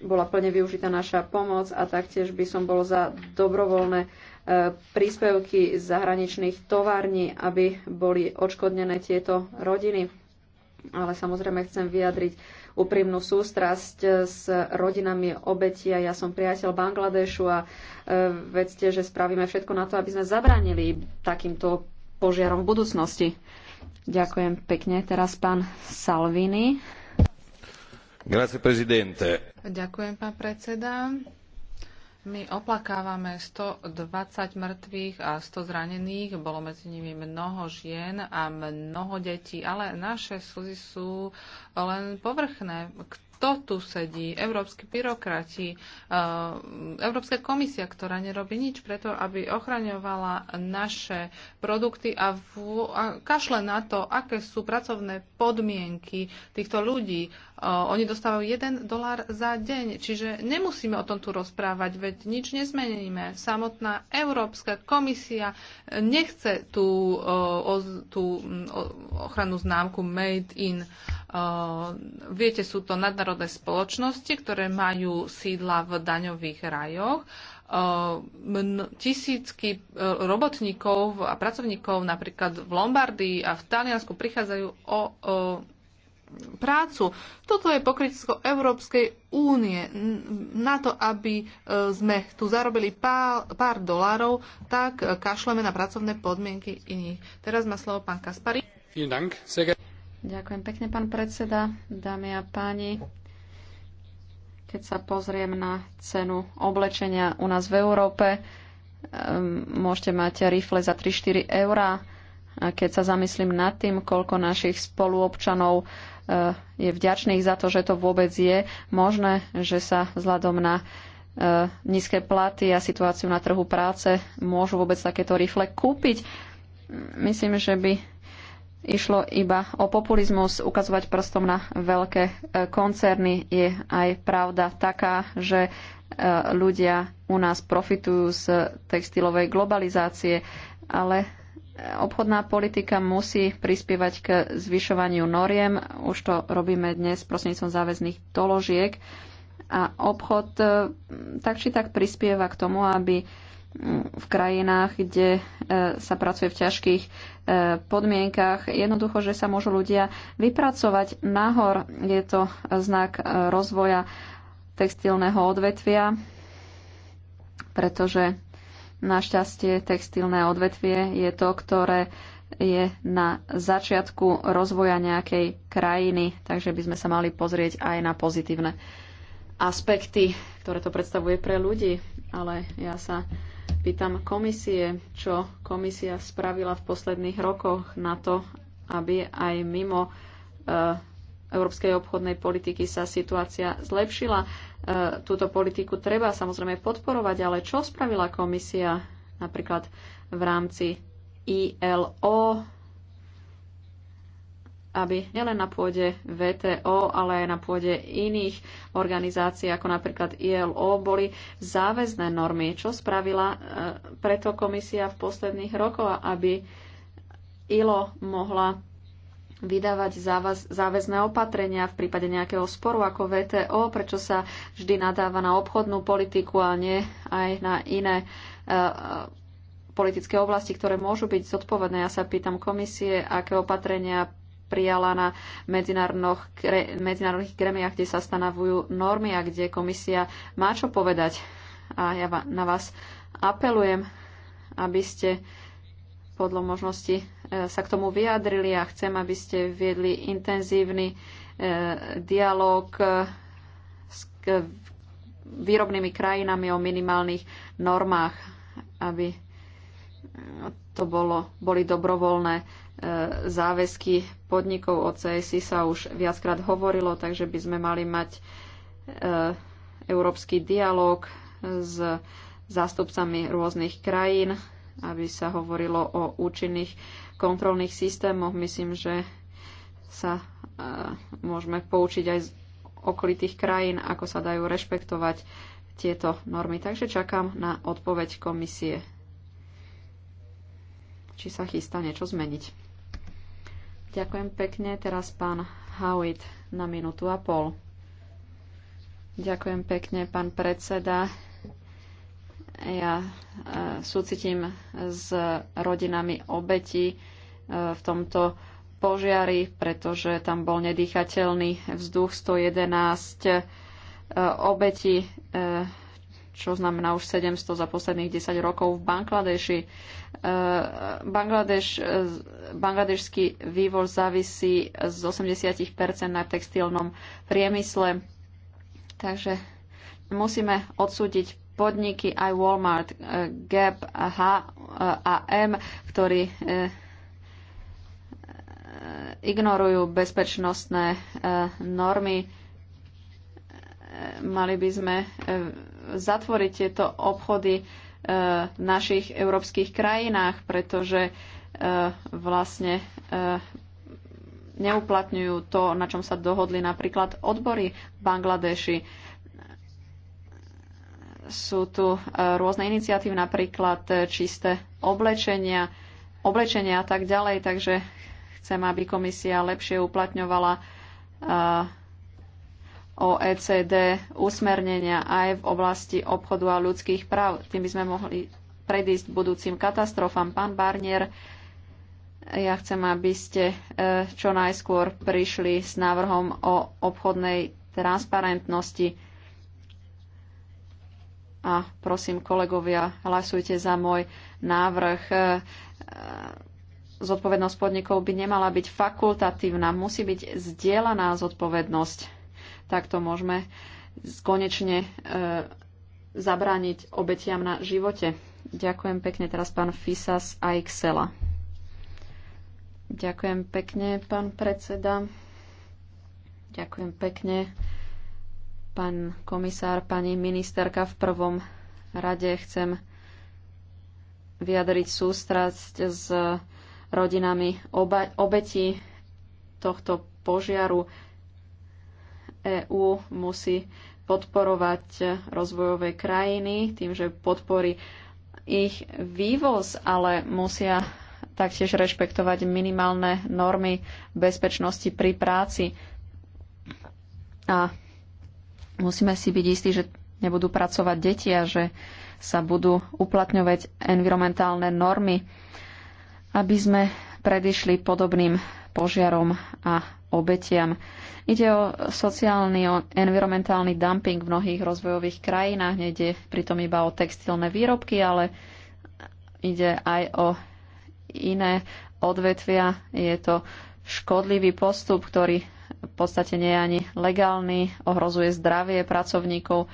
bola plne využitá naša pomoc a taktiež by som bol za dobrovoľné e, príspevky zahraničných tovární, aby boli odškodnené tieto rodiny. Ale samozrejme chcem vyjadriť úprimnú sústrasť eh, s rodinami obeti a ja som priateľ Bangladešu a eh, vedzte, že spravíme všetko na to, aby sme zabránili takýmto požiarom v budúcnosti. Ďakujem pekne. Teraz pán Salvini. Grazie, Ďakujem, pán predseda. My oplakávame 120 mŕtvych a 100 zranených, bolo medzi nimi mnoho žien a mnoho detí, ale naše slzy sú len povrchné. Kto tu sedí? Európsky byrokrati, e, Európska komisia, ktorá nerobí nič preto, aby ochraňovala naše produkty a, v, a kašle na to, aké sú pracovné podmienky týchto ľudí oni dostávajú 1 dolár za deň, čiže nemusíme o tom tu rozprávať, veď nič nezmeníme. Samotná Európska komisia nechce tú, tú mm, ochranu známku Made in. Viete, sú to nadnárodné spoločnosti, ktoré majú sídla v daňových rajoch tisícky e, robotníkov a pracovníkov napríklad v Lombardii a v Taliansku prichádzajú o, o prácu. Toto je pokrytisko Európskej únie na to, aby e, sme tu zarobili pár, pár dolárov, tak e, kašleme na pracovné podmienky iných. Teraz má slovo pán Kaspari. Ďakujem pekne, pán predseda, dámy a páni. Keď sa pozriem na cenu oblečenia u nás v Európe, e, môžete mať rifle za 3-4 eurá. A keď sa zamyslím nad tým, koľko našich spoluobčanov je vďačný za to, že to vôbec je možné, že sa vzhľadom na e, nízke platy a situáciu na trhu práce môžu vôbec takéto rifle kúpiť. Myslím, že by išlo iba o populizmus, ukazovať prstom na veľké e, koncerny. Je aj pravda taká, že e, ľudia u nás profitujú z textilovej globalizácie, ale obchodná politika musí prispievať k zvyšovaniu noriem. Už to robíme dnes prostredníctvom záväzných doložiek. A obchod e, tak či tak prispieva k tomu, aby v krajinách, kde e, sa pracuje v ťažkých e, podmienkach. Jednoducho, že sa môžu ľudia vypracovať nahor. Je to znak rozvoja textilného odvetvia, pretože Našťastie textilné odvetvie je to, ktoré je na začiatku rozvoja nejakej krajiny, takže by sme sa mali pozrieť aj na pozitívne aspekty, ktoré to predstavuje pre ľudí. Ale ja sa pýtam komisie, čo komisia spravila v posledných rokoch na to, aby aj mimo e, európskej obchodnej politiky sa situácia zlepšila E, túto politiku treba samozrejme podporovať, ale čo spravila komisia napríklad v rámci ILO, aby nielen na pôde VTO, ale aj na pôde iných organizácií, ako napríklad ILO, boli záväzné normy. Čo spravila e, preto komisia v posledných rokoch, aby ILO mohla vydávať závaz, záväzné opatrenia v prípade nejakého sporu ako VTO, prečo sa vždy nadáva na obchodnú politiku a nie aj na iné e, e, politické oblasti, ktoré môžu byť zodpovedné. Ja sa pýtam komisie, aké opatrenia prijala na medzinárodných gremiách, kde sa stanovujú normy a kde komisia má čo povedať. A ja na vás apelujem, aby ste podľa možnosti sa k tomu vyjadrili a chcem, aby ste viedli intenzívny e, dialog e, s výrobnými krajinami o minimálnych normách, aby e, to bolo, boli dobrovoľné záväzky podnikov. O CSI sa už viackrát hovorilo, takže by sme mali mať európsky dialog s zástupcami rôznych krajín aby sa hovorilo o účinných kontrolných systémoch. Myslím, že sa e, môžeme poučiť aj z okolitých krajín, ako sa dajú rešpektovať tieto normy. Takže čakám na odpoveď komisie, či sa chystá niečo zmeniť. Ďakujem pekne. Teraz pán Howitt na minútu a pol. Ďakujem pekne, pán predseda. Ja eh, súcitím s rodinami obeti eh, v tomto požiari, pretože tam bol nedýchateľný vzduch 111 eh, obeti, čo znamená už 700 za posledných 10 rokov v Bangladeši. Bangladeš, bangladešský vývoz závisí z 80% na textilnom priemysle. Takže musíme odsúdiť podniky, aj Walmart, eh, Gap, H eh, a M, ktorí eh, ignorujú bezpečnostné normy. Mali by sme zatvoriť tieto obchody v našich európskych krajinách, pretože vlastne neuplatňujú to, na čom sa dohodli napríklad odbory v Bangladeši sú tu e, rôzne iniciatívy, napríklad e, čisté oblečenia, oblečenia a tak ďalej, takže chcem, aby komisia lepšie uplatňovala e, OECD usmernenia aj v oblasti obchodu a ľudských práv. Tým by sme mohli predísť budúcim katastrofám. Pán Barnier, ja chcem, aby ste čo najskôr prišli s návrhom o obchodnej transparentnosti a prosím kolegovia, hlasujte za môj návrh. E, e, zodpovednosť podnikov by nemala byť fakultatívna, musí byť zdieľaná zodpovednosť. Takto môžeme konečne e, zabrániť obetiam na živote. Ďakujem pekne teraz pán Fisas a Excela. Ďakujem pekne, pán predseda. Ďakujem pekne Pán komisár, pani ministerka, v prvom rade chcem vyjadriť sústrasť s rodinami oba, obeti tohto požiaru. EÚ musí podporovať rozvojové krajiny tým, že podporí ich vývoz, ale musia taktiež rešpektovať minimálne normy bezpečnosti pri práci. A Musíme si byť istí, že nebudú pracovať deti a že sa budú uplatňovať environmentálne normy, aby sme predišli podobným požiarom a obetiam. Ide o sociálny, o environmentálny dumping v mnohých rozvojových krajinách. Nejde pritom iba o textilné výrobky, ale ide aj o iné odvetvia. Je to škodlivý postup, ktorý v podstate nie je ani legálny, ohrozuje zdravie pracovníkov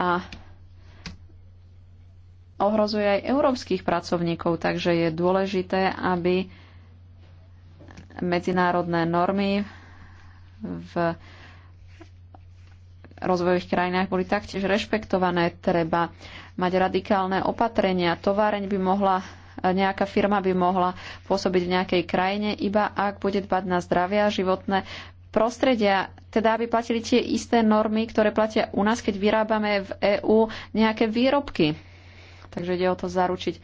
a ohrozuje aj európskych pracovníkov, takže je dôležité, aby medzinárodné normy v rozvojových krajinách boli taktiež rešpektované. Treba mať radikálne opatrenia. Továreň by mohla, nejaká firma by mohla pôsobiť v nejakej krajine, iba ak bude dbať na zdravia a životné prostredia, teda aby platili tie isté normy, ktoré platia u nás, keď vyrábame v EÚ nejaké výrobky. Takže ide o to zaručiť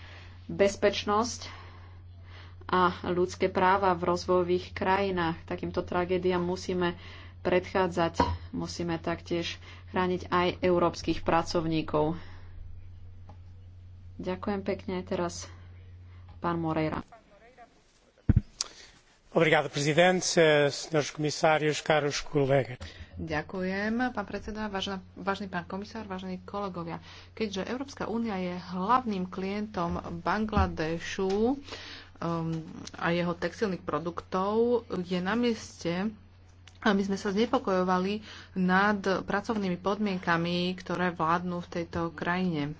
bezpečnosť a ľudské práva v rozvojových krajinách. Takýmto tragédiám musíme predchádzať, musíme taktiež chrániť aj európskych pracovníkov. Ďakujem pekne. Teraz pán Moreira. Obrigado, presidente, eh, senhores comissários, caros colegas. Ďakujem, pán predseda, vážna, vážny pán komisár, vážení kolegovia. Keďže Európska únia je hlavným klientom Bangladešu um, a jeho textilných produktov, je na mieste aby sme sa znepokojovali nad pracovnými podmienkami, ktoré vládnu v tejto krajine.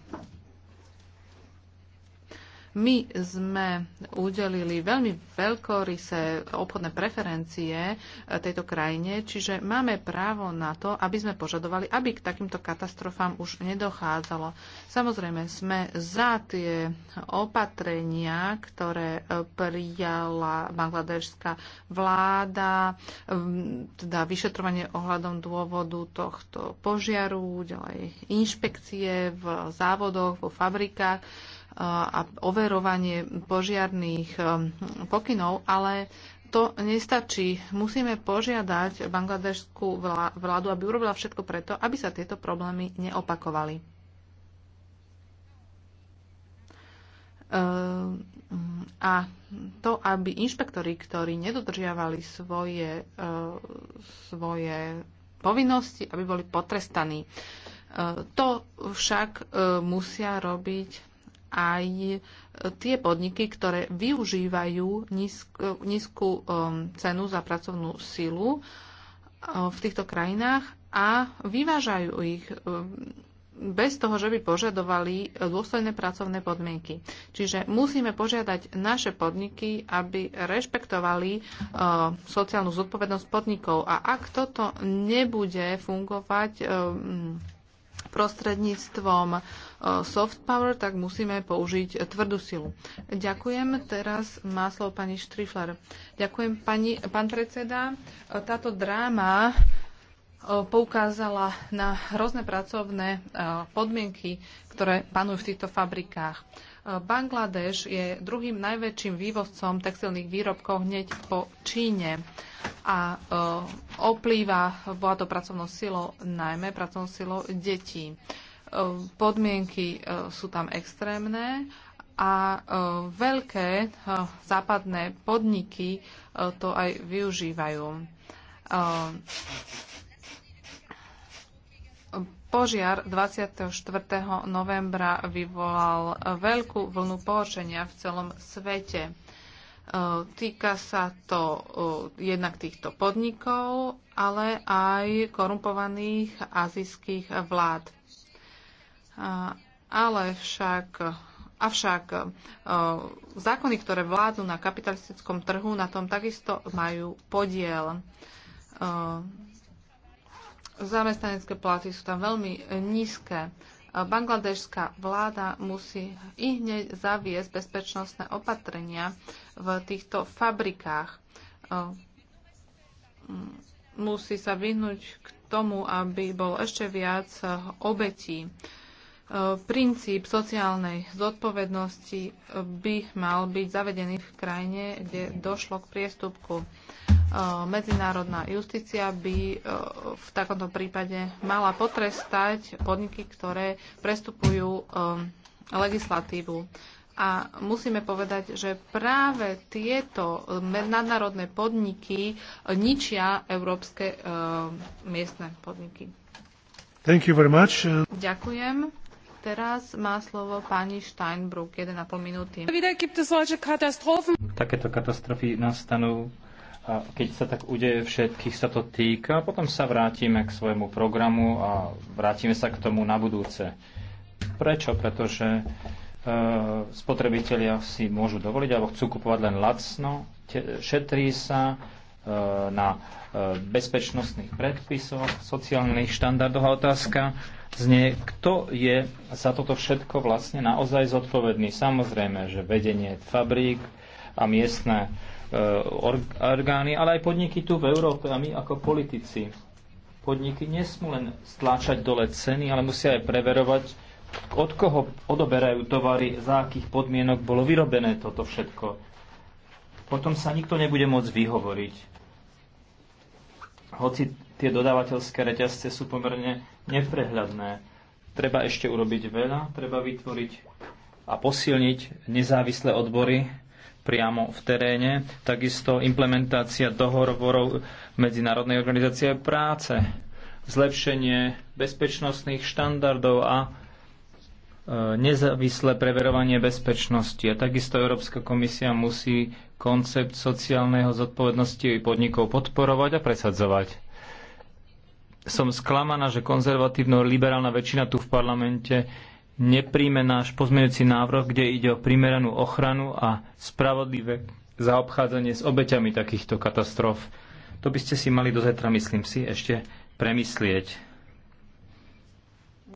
My sme udelili veľmi veľkorysé obchodné preferencie e, tejto krajine, čiže máme právo na to, aby sme požadovali, aby k takýmto katastrofám už nedochádzalo. Samozrejme, sme za tie opatrenia, ktoré e, prijala bangladežská vláda, e, teda vyšetrovanie ohľadom dôvodu tohto požiaru, ďalej inšpekcie v závodoch, vo fabrikách a overovanie požiarných um, pokynov, ale to nestačí. Musíme požiadať bangladešskú vládu, aby urobila všetko preto, aby sa tieto problémy neopakovali. Ehm, a to, aby inšpektori, ktorí nedodržiavali svoje, e, svoje povinnosti, aby boli potrestaní. E, to však e, musia robiť aj e, tie podniky, ktoré využívajú e, nízku, nízku e, cenu za pracovnú silu v týchto krajinách a vyvážajú ich bez toho, že by požadovali dôstojné pracovné podmienky. Čiže musíme požiadať naše podniky, aby rešpektovali uh, sociálnu zodpovednosť podnikov. A ak toto nebude fungovať, prostredníctvom e, soft power, tak musíme použiť tvrdú silu. Ďakujem. Teraz má slovo pani Štrifler. Ďakujem, pani, pán predseda. E, táto dráma e, poukázala na hrozné pracovné podmienky, ktoré panujú v týchto fabrikách. Bangladeš je druhým najväčším vývozcom textilných výrobkov hneď po Číne a e, oplýva bohatou pracovnou silou, najmä pracovnou silou detí. E, podmienky e, sú tam extrémne a veľké západné podniky to aj využívajú. Požiar 24. novembra vyvolal veľkú vlnu pohoršenia v celom svete. Týka sa to jednak týchto podnikov, ale aj korumpovaných azijských vlád. Ale však Avšak zákony, ktoré vládzu na kapitalistickom trhu, na tom takisto majú podiel. Zamestnanecké platy sú tam veľmi nízke. Bangladežská vláda musí i hneď zaviesť bezpečnostné opatrenia v týchto fabrikách. Mm, musí sa vyhnúť k tomu, aby bol ešte viac e, obetí. E, princíp sociálnej zodpovednosti by mal byť zavedený v krajine, kde došlo k priestupku. E, medzinárodná justícia by e, v takomto prípade mala potrestať podniky, ktoré prestupujú e, legislatívu. A musíme povedať, že práve tieto nadnárodné podniky ničia európske miestne podniky. Thank you very much. Ďakujem. Teraz má slovo pani Steinbrück, 1,5 minúty. Takéto katastrofy nastanú a keď sa tak udeje, všetkých sa to týka. Potom sa vrátime k svojmu programu a vrátime sa k tomu na budúce. Prečo? Pretože e, spotrebitelia si môžu dovoliť alebo chcú kupovať len lacno, te, šetrí sa e, na e, bezpečnostných predpisoch, sociálnych štandardoch a otázka znie, kto je za toto všetko vlastne naozaj zodpovedný. Samozrejme, že vedenie fabrík a miestne Eh, orgány, ale aj podniky tu v Európe a my ako politici. Podniky nesmú len stláčať dole ceny, ale musia aj preverovať, od koho odoberajú tovary, za akých podmienok bolo vyrobené toto všetko. Potom sa nikto nebude môcť vyhovoriť. Hoci tie dodávateľské reťazce sú pomerne neprehľadné. Treba ešte urobiť veľa, treba vytvoriť a posilniť nezávislé odbory, priamo v teréne. Takisto implementácia dohovorov Medzinárodnej organizácie práce, zlepšenie bezpečnostných štandardov a e, nezávislé preverovanie bezpečnosti. A takisto Európska komisia musí koncept sociálneho zodpovednosti podnikov podporovať a presadzovať. Som sklamaná, že konzervatívno-liberálna väčšina tu v parlamente nepríjme náš pozmeňujúci návrh, kde ide o primeranú ochranu a spravodlivé zaobchádzanie s obeťami takýchto katastrof. To by ste si mali do zetra, myslím si, ešte premyslieť.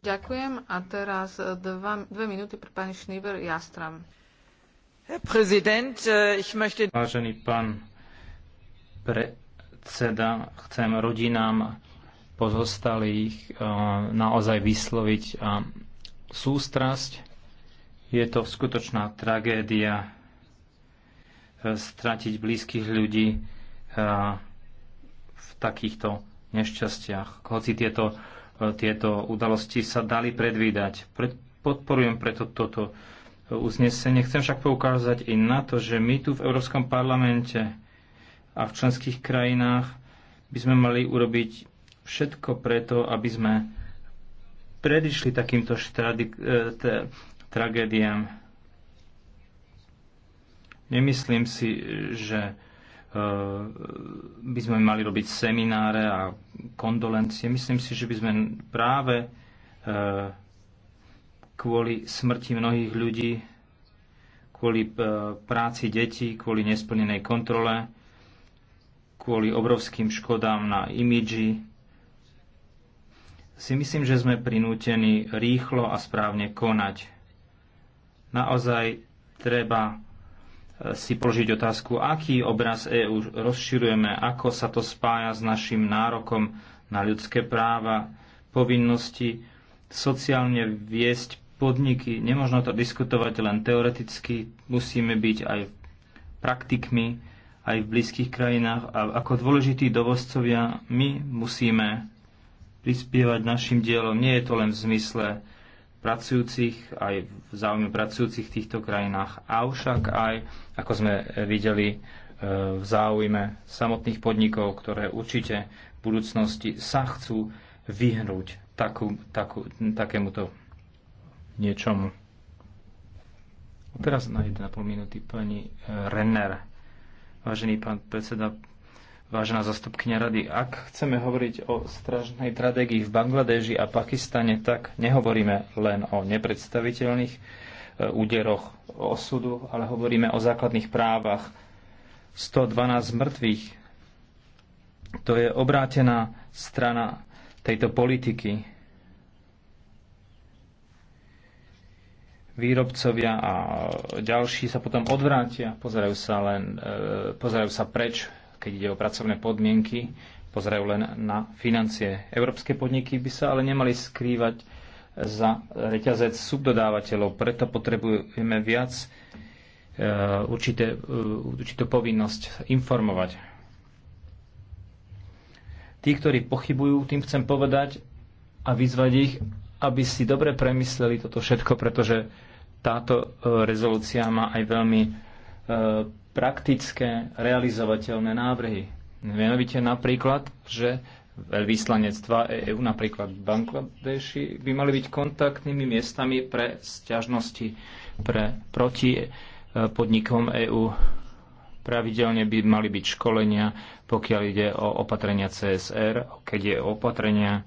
Ďakujem a teraz dva, dve minúty pre pani šníber Jastram. Äh, möchte... Vážený pán predseda, chcem rodinám pozostalých äh, naozaj vysloviť sústrasť. Je to skutočná tragédia e, stratiť blízkych ľudí e, v takýchto nešťastiach. Hoci tieto, e, tieto udalosti sa dali predvídať. Podporujem preto toto uznesenie. Chcem však poukázať i na to, že my tu v Európskom parlamente a v členských krajinách by sme mali urobiť všetko preto, aby sme predišli takýmto štradik, e, t- tragédiám. Nemyslím si, že e, by sme mali robiť semináre a kondolencie. Myslím si, že by sme práve e, kvôli smrti mnohých ľudí, kvôli práci detí, kvôli nesplnenej kontrole, kvôli obrovským škodám na imidži, si myslím, že sme prinútení rýchlo a správne konať. Naozaj treba e, si položiť otázku, aký obraz EÚ rozširujeme, ako sa to spája s našim nárokom na ľudské práva, povinnosti sociálne viesť podniky. nemôžno to diskutovať len teoreticky, musíme byť aj praktikmi, aj v blízkych krajinách a ako dôležití dovozcovia my musíme prispievať našim dielom. Nie je to len v zmysle pracujúcich, aj v záujme pracujúcich v týchto krajinách, avšak aj, ako sme videli, e, v záujme samotných podnikov, ktoré určite v budúcnosti sa chcú vyhnúť takú, takú, takémuto niečomu. Teraz na 1,5 minúty pani e, Renner. Vážený pán predseda, vážená zastupkynia rady, ak chceme hovoriť o stražnej tragédii v Bangladeži a Pakistane, tak nehovoríme len o nepredstaviteľných e, úderoch osudu, ale hovoríme o základných právach. 112 mŕtvych. To je obrátená strana tejto politiky. Výrobcovia a e, ďalší sa potom odvrátia, pozerajú sa len, e, pozerajú sa preč keď ide o pracovné podmienky, pozerajú len na financie. Európske podniky by sa ale nemali skrývať za reťazec subdodávateľov, preto potrebujeme viac e, určité, e, určitú povinnosť informovať. Tí, ktorí pochybujú, tým chcem povedať a vyzvať ich, aby si dobre premysleli toto všetko, pretože táto e, rezolúcia má aj veľmi praktické, realizovateľné návrhy. Menovite napríklad, že veľvyslanectva EÚ, napríklad Bangladeši, by mali byť kontaktnými miestami pre sťažnosti pre proti e, podnikom EÚ. Pravidelne by mali byť školenia, pokiaľ ide o opatrenia CSR, keď je o opatrenia,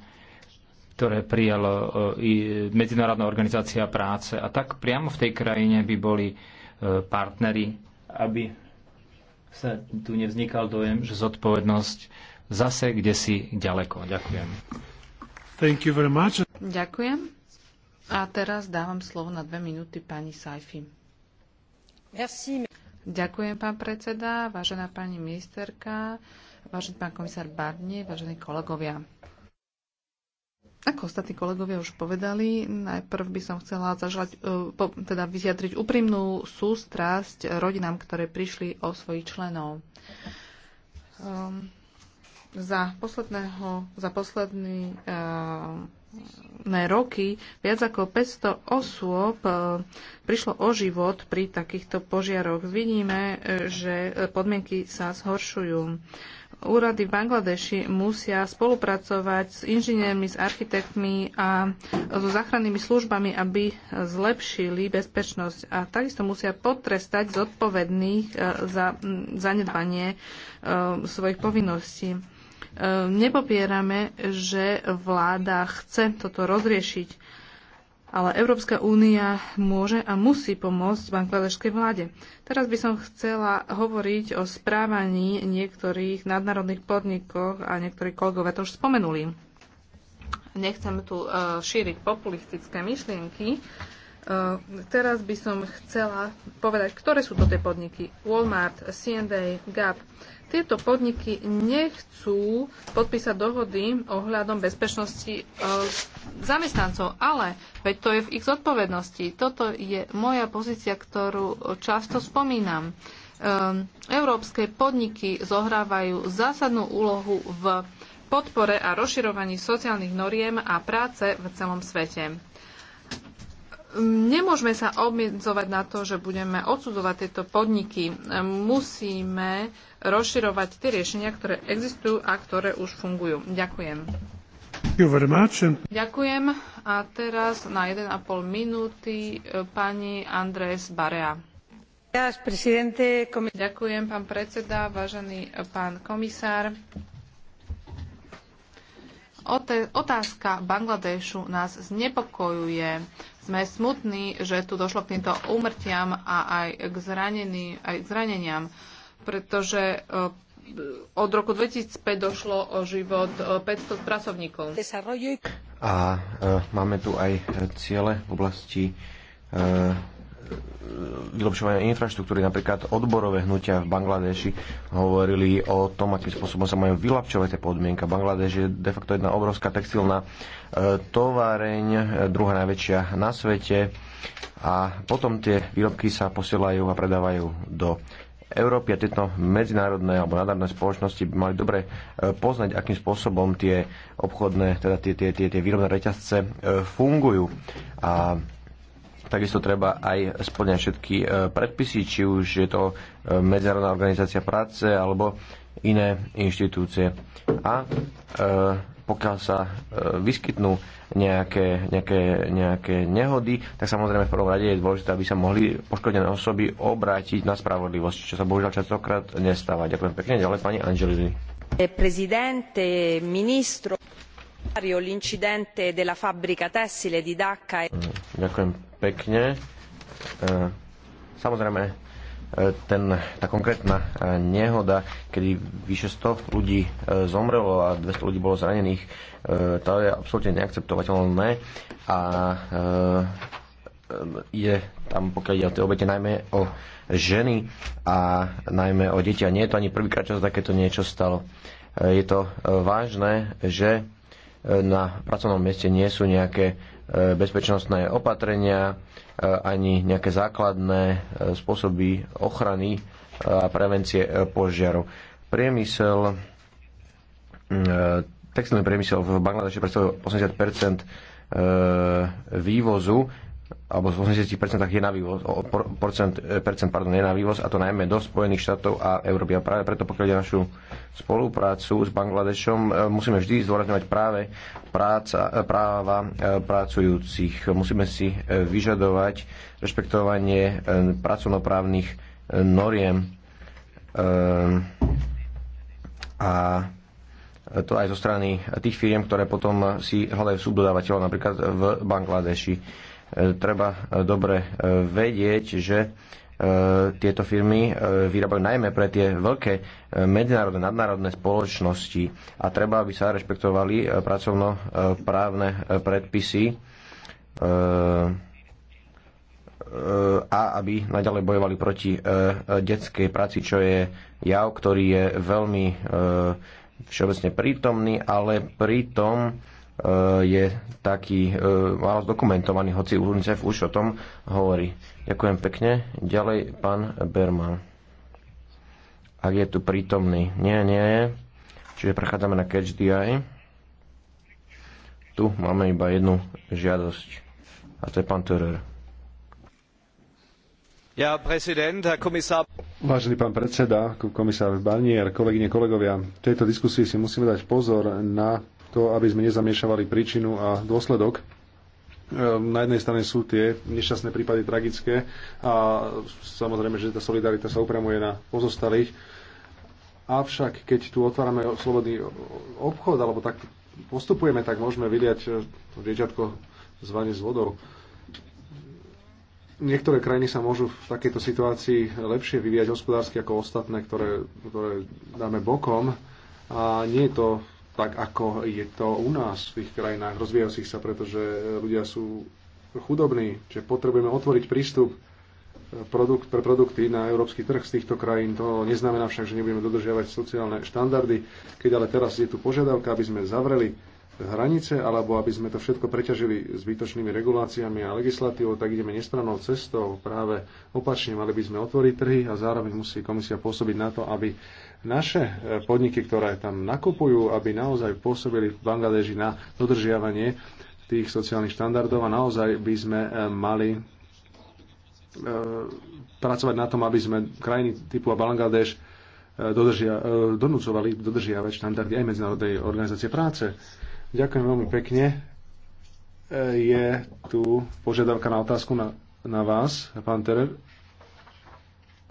ktoré prijala e, Medzinárodná organizácia práce. A tak priamo v tej krajine by boli e, partnery aby sa tu nevznikal dojem, že zodpovednosť zase kde si ďaleko. Ďakujem. Thank you very much. Ďakujem. A teraz dávam slovo na dve minúty pani Saifi. Merci. Ďakujem, pán predseda, vážená pani ministerka, vážený pán komisár Barnie, vážení kolegovia. Ako ostatní kolegovia už povedali, najprv by som chcela zažať, e, teda vyjadriť úprimnú sústrasť rodinám, ktoré prišli o svojich členov. Um, za, posledného, za posledný um, roky viac ako 500 osôb e, prišlo o život pri takýchto požiaroch. Vidíme, e, že podmienky sa zhoršujú úrady v Bangladeši musia spolupracovať s inžiniermi, s architektmi a so záchrannými službami, aby zlepšili bezpečnosť. A takisto musia potrestať zodpovedných e, za zanedbanie e, svojich povinností. E, nepopierame, že vláda chce toto rozriešiť ale Európska únia môže a musí pomôcť bangladešskej vláde. Teraz by som chcela hovoriť o správaní niektorých nadnárodných podnikoch a niektorí kolegovia to už spomenuli. Nechcem tu e, šíriť populistické myšlienky. E, teraz by som chcela povedať, ktoré sú to tie podniky. Walmart, C&A, Gap. Tieto podniky nechcú podpísať dohody ohľadom bezpečnosti e, zamestnancov, ale veď to je v ich zodpovednosti. Toto je moja pozícia, ktorú často spomínam. Ehm, európske podniky zohrávajú zásadnú úlohu v podpore a rozširovaní sociálnych noriem a práce v celom svete nemôžeme sa obmedzovať na to, že budeme odsudzovať tieto podniky. Musíme rozširovať tie riešenia, ktoré existujú a ktoré už fungujú. Ďakujem. Ďakujem. A teraz na 1,5 minúty e, pani Andrés Barea. Ďakujem, pán predseda, vážený e, pán komisár. Otázka Bangladešu nás znepokojuje. Sme smutní, že tu došlo k týmto úmrtiam a aj k, zranení, aj k zraneniam, pretože eh, od roku 2005 došlo o život 500 eh, pracovníkov. A eh, máme tu aj ciele v oblasti vylepšovania infraštruktúry. Napríklad odborové hnutia v Bangladeši hovorili o tom, akým spôsobom sa majú vylepšovať tie podmienka. Bangladeš je de facto jedna obrovská textilná e, továreň, e, druhá najväčšia na svete. A potom tie výrobky sa posielajú a predávajú do Európy a tieto medzinárodné alebo nadárne spoločnosti by mali dobre e, poznať, akým spôsobom tie obchodné, teda tie, tie, tie, tie výrobné reťazce fungujú. A Takisto treba aj splňať všetky e, predpisy, či už je to e, Medzinárodná organizácia práce alebo iné inštitúcie. A e, pokiaľ sa vyskytnú nejaké, nejaké, nejaké nehody, tak samozrejme v prvom rade je dôležité, aby sa mohli poškodené osoby obrátiť na spravodlivosť, čo sa bohužiaľ častokrát nestáva. Ďakujem pekne. Ďalej pani Angelini. Prezidente, ministro. E- mm, ďakujem pekne. E, samozrejme, e, ten, tá konkrétna nehoda, kedy vyše 100 ľudí zomrelo a 200 ľudí bolo zranených, to je absolútne neakceptovateľné a je tam, pokiaľ ide o tie obete, najmä o ženy a najmä o deti. A nie je to ani prvýkrát, čo sa takéto niečo stalo. Je to vážne, že na pracovnom mieste nie sú nejaké e, bezpečnostné opatrenia e, ani nejaké základné e, spôsoby ochrany a prevencie požiarov. Priemysel, textilný priemysel v Bangladeši predstavuje 80 vývozu alebo z 80% je na vývoz, percent, e, percent, pardon, je na vývoz a to najmä do Spojených štátov a Európy. A práve preto, pokiaľ je našu spoluprácu s Bangladešom, e, musíme vždy zdôrazňovať práve práca, e, práva pracujúcich. Musíme si vyžadovať rešpektovanie pracovnoprávnych noriem a to aj zo strany tých firiem, ktoré potom si hľadajú subdodávateľov napríklad v Bangladeši E, treba e, dobre e, vedieť, že tieto firmy vyrábajú najmä pre tie veľké medzinárodné, nadnárodné spoločnosti a treba, aby sa rešpektovali pracovno-právne predpisy a aby naďalej bojovali proti detskej práci, čo je jav, ktorý je veľmi všeobecne prítomný, ale pritom Eh, je taký málo eh, zdokumentovaný, hoci UNICEF už o tom hovorí. Ďakujem pekne. Ďalej pán Berman. Ak je tu prítomný. Nie, nie je. Čiže prechádzame na Catch the Eye. Tu máme iba jednu žiadosť. A to je pán Törer. Ja, prezident, komisár... Vážený pán predseda, komisár Barnier, kolegyne, kolegovia, v tejto diskusii si musíme dať pozor na to, aby sme nezamiešavali príčinu a dôsledok. Ehm, na jednej strane sú tie nešťastné prípady tragické a samozrejme, že tá solidarita sa upremuje na pozostalých. Avšak, keď tu otvárame slobodný obchod, alebo tak postupujeme, tak môžeme vyliať eh, to dieťatko zvanie z vodou. Niektoré krajiny sa môžu v takejto situácii lepšie vyvíjať hospodársky ako ostatné, ktoré, ktoré dáme bokom. A nie je to tak ako je to u nás v tých krajinách rozvíjajúcich sa, pretože ľudia sú chudobní, že potrebujeme otvoriť prístup eh, produkt, pre produkty na európsky trh z týchto krajín. To neznamená však, že nebudeme dodržiavať sociálne štandardy. Keď ale teraz je tu požiadavka, aby sme zavreli hranice alebo aby sme to všetko preťažili zbytočnými reguláciami a legislatívou, tak ideme nestrannou cestou. Práve opačne mali by sme otvoriť trhy a zároveň musí komisia pôsobiť na to, aby naše e, podniky, ktoré tam nakupujú, aby naozaj pôsobili v Bangladeži na dodržiavanie tých sociálnych štandardov a naozaj by sme e, mali e, pracovať na tom, aby sme krajiny typu Bangladeš dodržia, donúcovali dodržiavať štandardy aj Medzinárodnej organizácie práce. Ďakujem veľmi pekne. Je tu požiadavka na otázku na, na vás, pán Terer.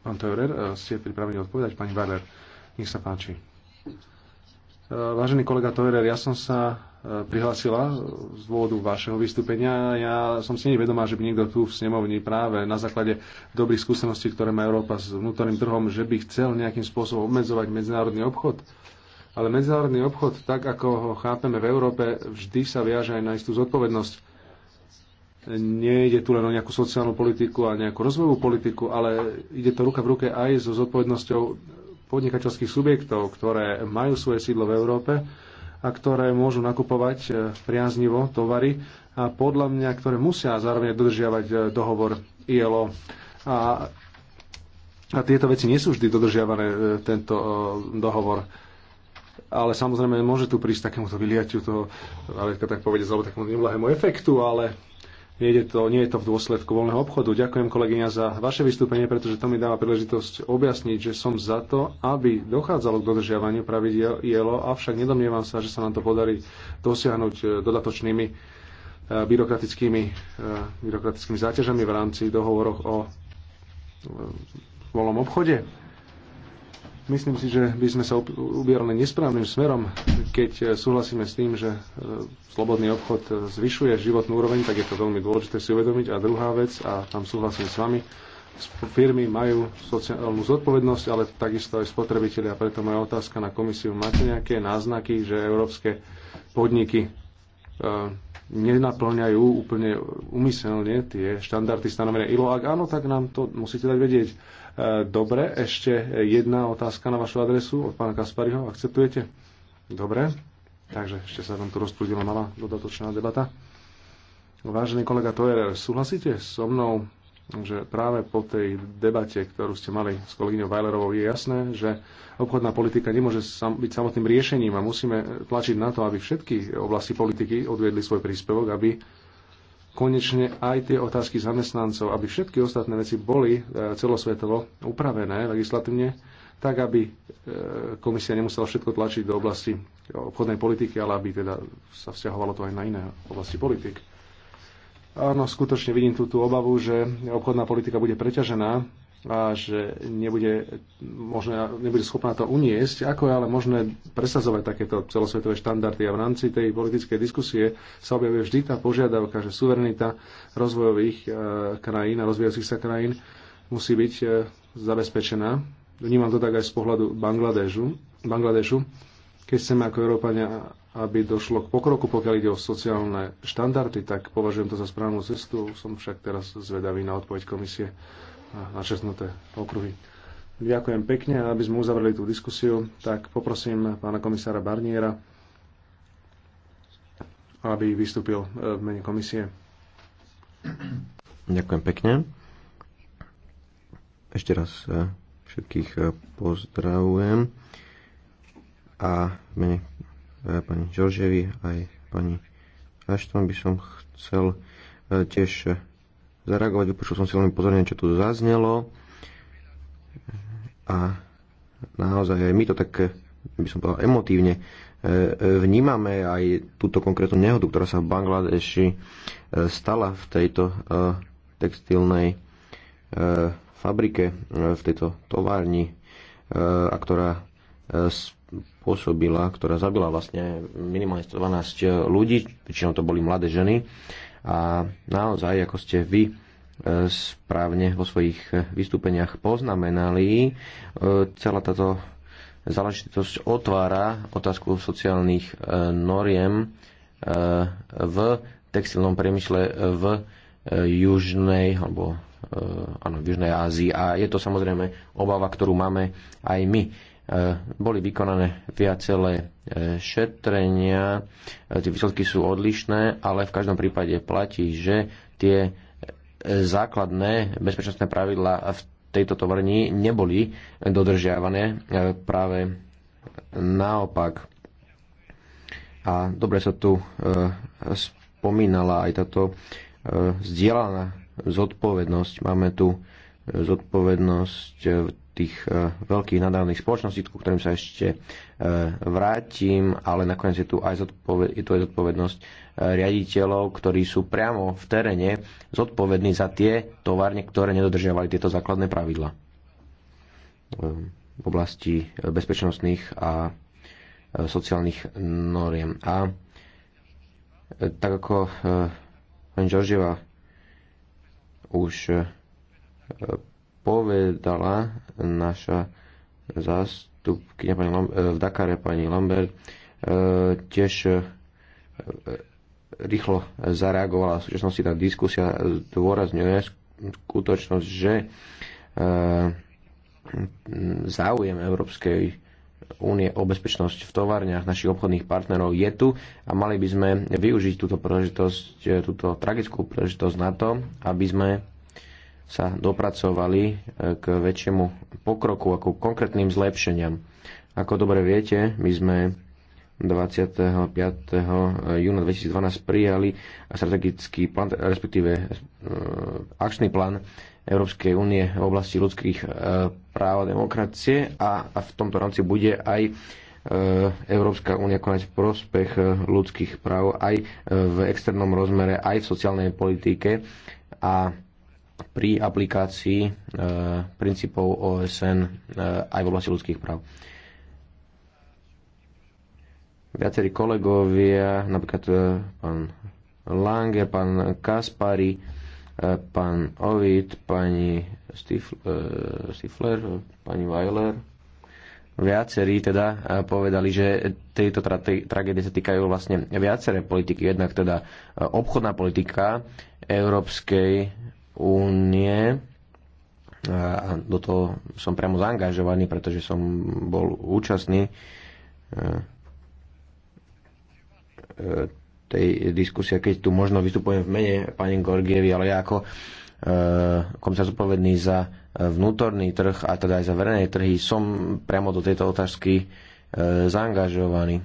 Pán Terer, ste pripravení odpovedať, pani Barler? Nech sa páči. Vážený kolega Toerer, ja som sa e, prihlásila z dôvodu vašeho vystúpenia. Ja som si nevedomá, že by niekto tu v snemovni práve na základe dobrých skúseností, ktoré má Európa s vnútorným trhom, že by chcel nejakým spôsobom obmedzovať medzinárodný obchod. Ale medzinárodný obchod, tak ako ho chápeme v Európe, vždy sa viaže aj na istú zodpovednosť. Nie ide tu len o nejakú sociálnu politiku a nejakú rozvojovú politiku, ale ide to ruka v ruke aj so zodpovednosťou podnikateľských subjektov, ktoré majú svoje sídlo v Európe a ktoré môžu nakupovať e, priaznivo tovary a podľa mňa, ktoré musia zároveň dodržiavať e, dohovor ILO. A, a tieto veci nie sú vždy dodržiavané, e, tento dohovor. Ale samozrejme môže tu prísť takémuto vyliatiu toho, ale tak povedať, alebo takému neblahému efektu, ale je, to, nie je to v dôsledku voľného obchodu. Ďakujem kolegyňa za vaše vystúpenie, pretože to mi dáva príležitosť objasniť, že som za to, aby dochádzalo k dodržiavaniu pravidiel ILO, avšak nedomnievam sa, že sa nám to podarí dosiahnuť e, dodatočnými e, byrokratickými, e, byrokratickými záťažami v rámci dohovorov o voľnom obchode. Myslím si, že by sme sa ubierali nesprávnym smerom, keď e, súhlasíme s tým, že e, slobodný obchod e, zvyšuje životnú úroveň, tak je to veľmi dôležité si uvedomiť. A druhá vec, a tam súhlasím s vami, firmy majú sociálnu zodpovednosť, ale takisto aj spotrebitelia. Preto moja otázka na komisiu, máte nejaké náznaky, že európske podniky nenaplňajú úplne umyselne tie štandardy stanovené ILO. Ak áno, tak nám to musíte dať vedieť E, dobre, ešte jedna otázka na vašu adresu od pána Kaspariho. Akceptujete? Dobre. Takže ešte sa tam tu rozprudila malá dodatočná debata. Vážený kolega Tojer, súhlasíte so mnou, že práve po tej debate, ktorú ste mali s kolegyňou Weilerovou, je jasné, že obchodná politika nemôže byť samotným riešením a musíme tlačiť na to, aby všetky oblasti politiky odviedli svoj príspevok, aby konečne aj tie otázky zamestnancov, aby všetky ostatné veci boli e, celosvetovo upravené legislatívne, tak aby e, komisia nemusela všetko tlačiť do oblasti obchodnej politiky, ale aby teda sa vzťahovalo to aj na iné oblasti politik. Áno, skutočne vidím tú, tú obavu, že obchodná politika bude preťažená a že nebude, možné, nebude schopná to uniesť. Ako je ale možné presazovať takéto celosvetové štandardy? A v rámci tej politickej diskusie sa objavuje vždy tá požiadavka, že suverenita rozvojových e, krajín a rozvíjajúcich sa krajín musí byť e, zabezpečená. Vnímam to tak aj z pohľadu Bangladežu. Bangladežu keď chceme ako Európania, aby došlo k pokroku, pokiaľ ide o sociálne štandardy, tak považujem to za správnu cestu. Som však teraz zvedavý na odpoveď komisie našesnuté okruhy. Ďakujem pekne aby sme uzavreli tú diskusiu, tak poprosím pána komisára Barniera, aby vystúpil e, v mene komisie. Ďakujem pekne. Ešte raz e, všetkých e, pozdravujem a v mene pani Žorževi aj pani Ashton by som chcel tiež zareagovať. Vypočul som si veľmi pozorne, čo tu zaznelo. A naozaj aj my to tak, by som povedal, emotívne e, e, vnímame aj túto konkrétnu nehodu, ktorá sa v Bangladeši e, stala v tejto textilnej fabrike, v tejto továrni a ktorá spôsobila, ktorá zabila vlastne minimálne 12 ľudí, väčšinou to boli mladé ženy a naozaj, ako ste vy e, správne vo svojich e, vystúpeniach poznamenali, e, celá táto záležitosť otvára otázku sociálnych noriem v textilnom priemysle v južnej alebo áno, v Južnej Ázii a je to samozrejme obava, ktorú máme aj my E, boli vykonané viacelé e, šetrenia, e, tie výsledky sú odlišné, ale v každom prípade platí, že tie základné bezpečnostné pravidlá v tejto tovarni neboli dodržiavané, práve naopak. A dobre sa tu spomínala aj táto zdieľaná zodpovednosť. Máme tu zodpovednosť tých e, veľkých nadávnych spoločností, ku ktorým sa ešte e, vrátim, ale nakoniec je tu aj, zodpoved- je tu aj zodpovednosť e, riaditeľov, ktorí sú priamo v teréne zodpovední za tie továrne, ktoré nedodržiavali tieto základné pravidla v oblasti bezpečnostných a sociálnych noriem. A tak ako pani Žorževa už povedala naša zástupkynia pani Lam- e, v Dakare pani Lambert, e, tiež e, rýchlo zareagovala v súčasnosti tá diskusia dôrazňuje skutočnosť, že záujem Európskej únie o bezpečnosť v továrniach našich obchodných partnerov je tu a mali by sme využiť túto túto tragickú príležitosť na to, aby sme sa dopracovali e, k väčšiemu pokroku, ako konkrétnym zlepšeniam. Ako dobre viete, my sme 25. júna 2012 prijali strategický plán, respektíve e, akčný plán Európskej únie v oblasti ľudských e, práv a demokracie a v tomto rámci bude aj Európska únia konať v prospech ľudských práv aj v externom rozmere, aj v sociálnej politike a pri aplikácii e, princípov OSN e, aj v oblasti ľudských práv. Viacerí kolegovia, napríklad e, pán Lange, pán Kaspari, pán Ovid, pani Stifler, pani Weiler, viacerí teda povedali, že tieto tra- tragédie sa týkajú vlastne viaceré politiky. Jednak teda obchodná politika Európskej únie a do toho som priamo zaangažovaný, pretože som bol účastný e, e, tej diskusie, keď tu možno vystupujem v mene pani Gorgievi, ale ja ako e, komisár zodpovedný za vnútorný trh a teda aj za verejné trhy som priamo do tejto otázky zaangažovaný.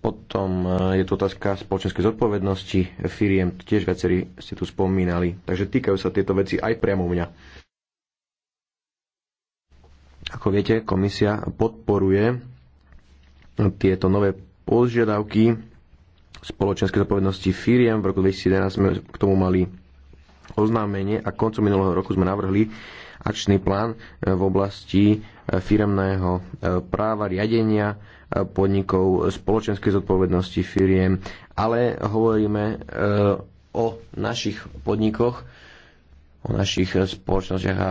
Potom e, je tu otázka spoločenskej zodpovednosti firiem, tiež viacerí ste tu spomínali. Takže týkajú sa tieto veci aj priamo mňa. Ako viete, komisia podporuje tieto nové požiadavky spoločenskej zodpovednosti firiem. V roku 2011 sme k tomu mali oznámenie a koncom minulého roku sme navrhli akčný plán e, v oblasti e, firemného e, práva, riadenia podnikov, spoločenskej zodpovednosti firiem, ale hovoríme o našich podnikoch, o našich spoločnostiach a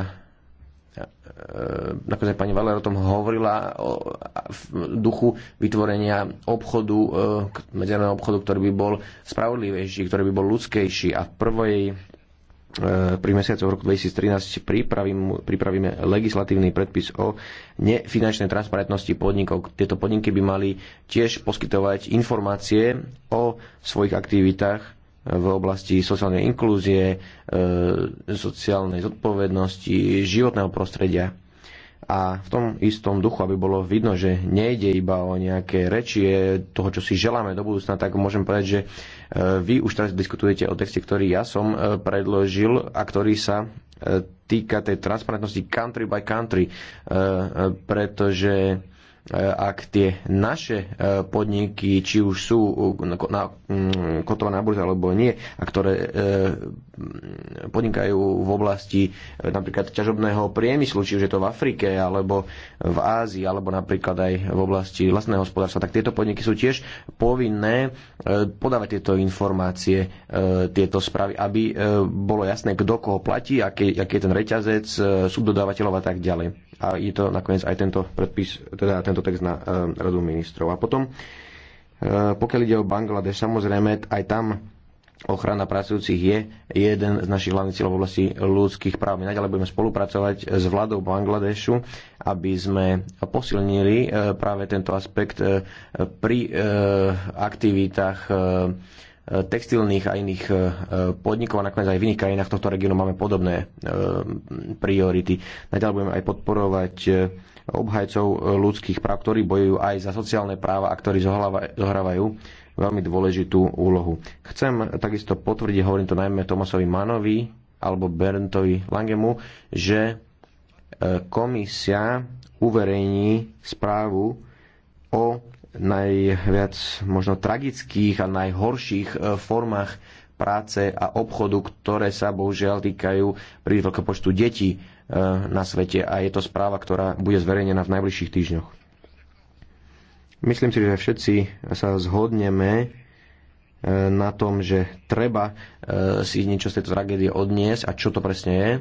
nakoniec pani Valer o tom hovorila o, duchu vytvorenia obchodu, medzinárodného obchodu, ktorý by bol spravodlivejší, ktorý by bol ľudskejší a v prvej E, pri mesiacoch roku 2013 pripravím, pripravíme legislatívny predpis o nefinančnej transparentnosti podnikov. Tieto podniky by mali tiež poskytovať informácie o svojich aktivitách v oblasti sociálnej inklúzie, e, sociálnej zodpovednosti, životného prostredia a v tom istom duchu, aby bolo vidno, že nejde iba o nejaké reči toho, čo si želáme do budúcna, tak môžem povedať, že e, vy už teraz diskutujete o texte, ktorý ja som e, predložil a ktorý sa e, týka tej transparentnosti country by country, pretože E, ak tie naše e, podniky, či už sú na, mm, kotované na burze alebo nie, a ktoré e, podnikajú v oblasti napríklad ťažobného priemyslu, či už je to v Afrike alebo v Ázii, alebo napríklad aj v oblasti vlastného hospodárstva, tak tieto podniky sú tiež povinné podávať tieto informácie, tieto správy, aby bolo jasné, kto koho platí, aký, aký je ten reťazec, subdodávateľov a tak ďalej a je to nakoniec aj tento predpis, teda tento text na eh, Radu ministrov. A potom, eh, pokiaľ ide o Bangladeš, samozrejme aj tam ochrana pracujúcich je jeden z našich hlavných cieľov v oblasti ľudských práv. My naďalej budeme spolupracovať s vládou Bangladešu, aby sme posilnili eh, práve tento aspekt pri aktivitách textilných a iných e, podnikov a nakoniec aj v iných krajinách tohto regiónu máme podobné e, priority. Naďalej budeme aj podporovať e, obhajcov ľudských práv, ktorí bojujú aj za sociálne práva a ktorí zohrávajú veľmi dôležitú úlohu. Chcem takisto potvrdiť, hovorím to najmä Tomasovi Manovi alebo Berntovi Langemu, že komisia uverejní správu o najviac možno tragických a najhorších e, formách práce a obchodu, ktoré sa bohužiaľ týkajú pri veľkého počtu detí e, na svete a je to správa, ktorá bude zverejnená v najbližších týždňoch. Myslím si, že všetci sa zhodneme e, na tom, že treba si niečo z tejto tragédie odniesť a čo to presne je.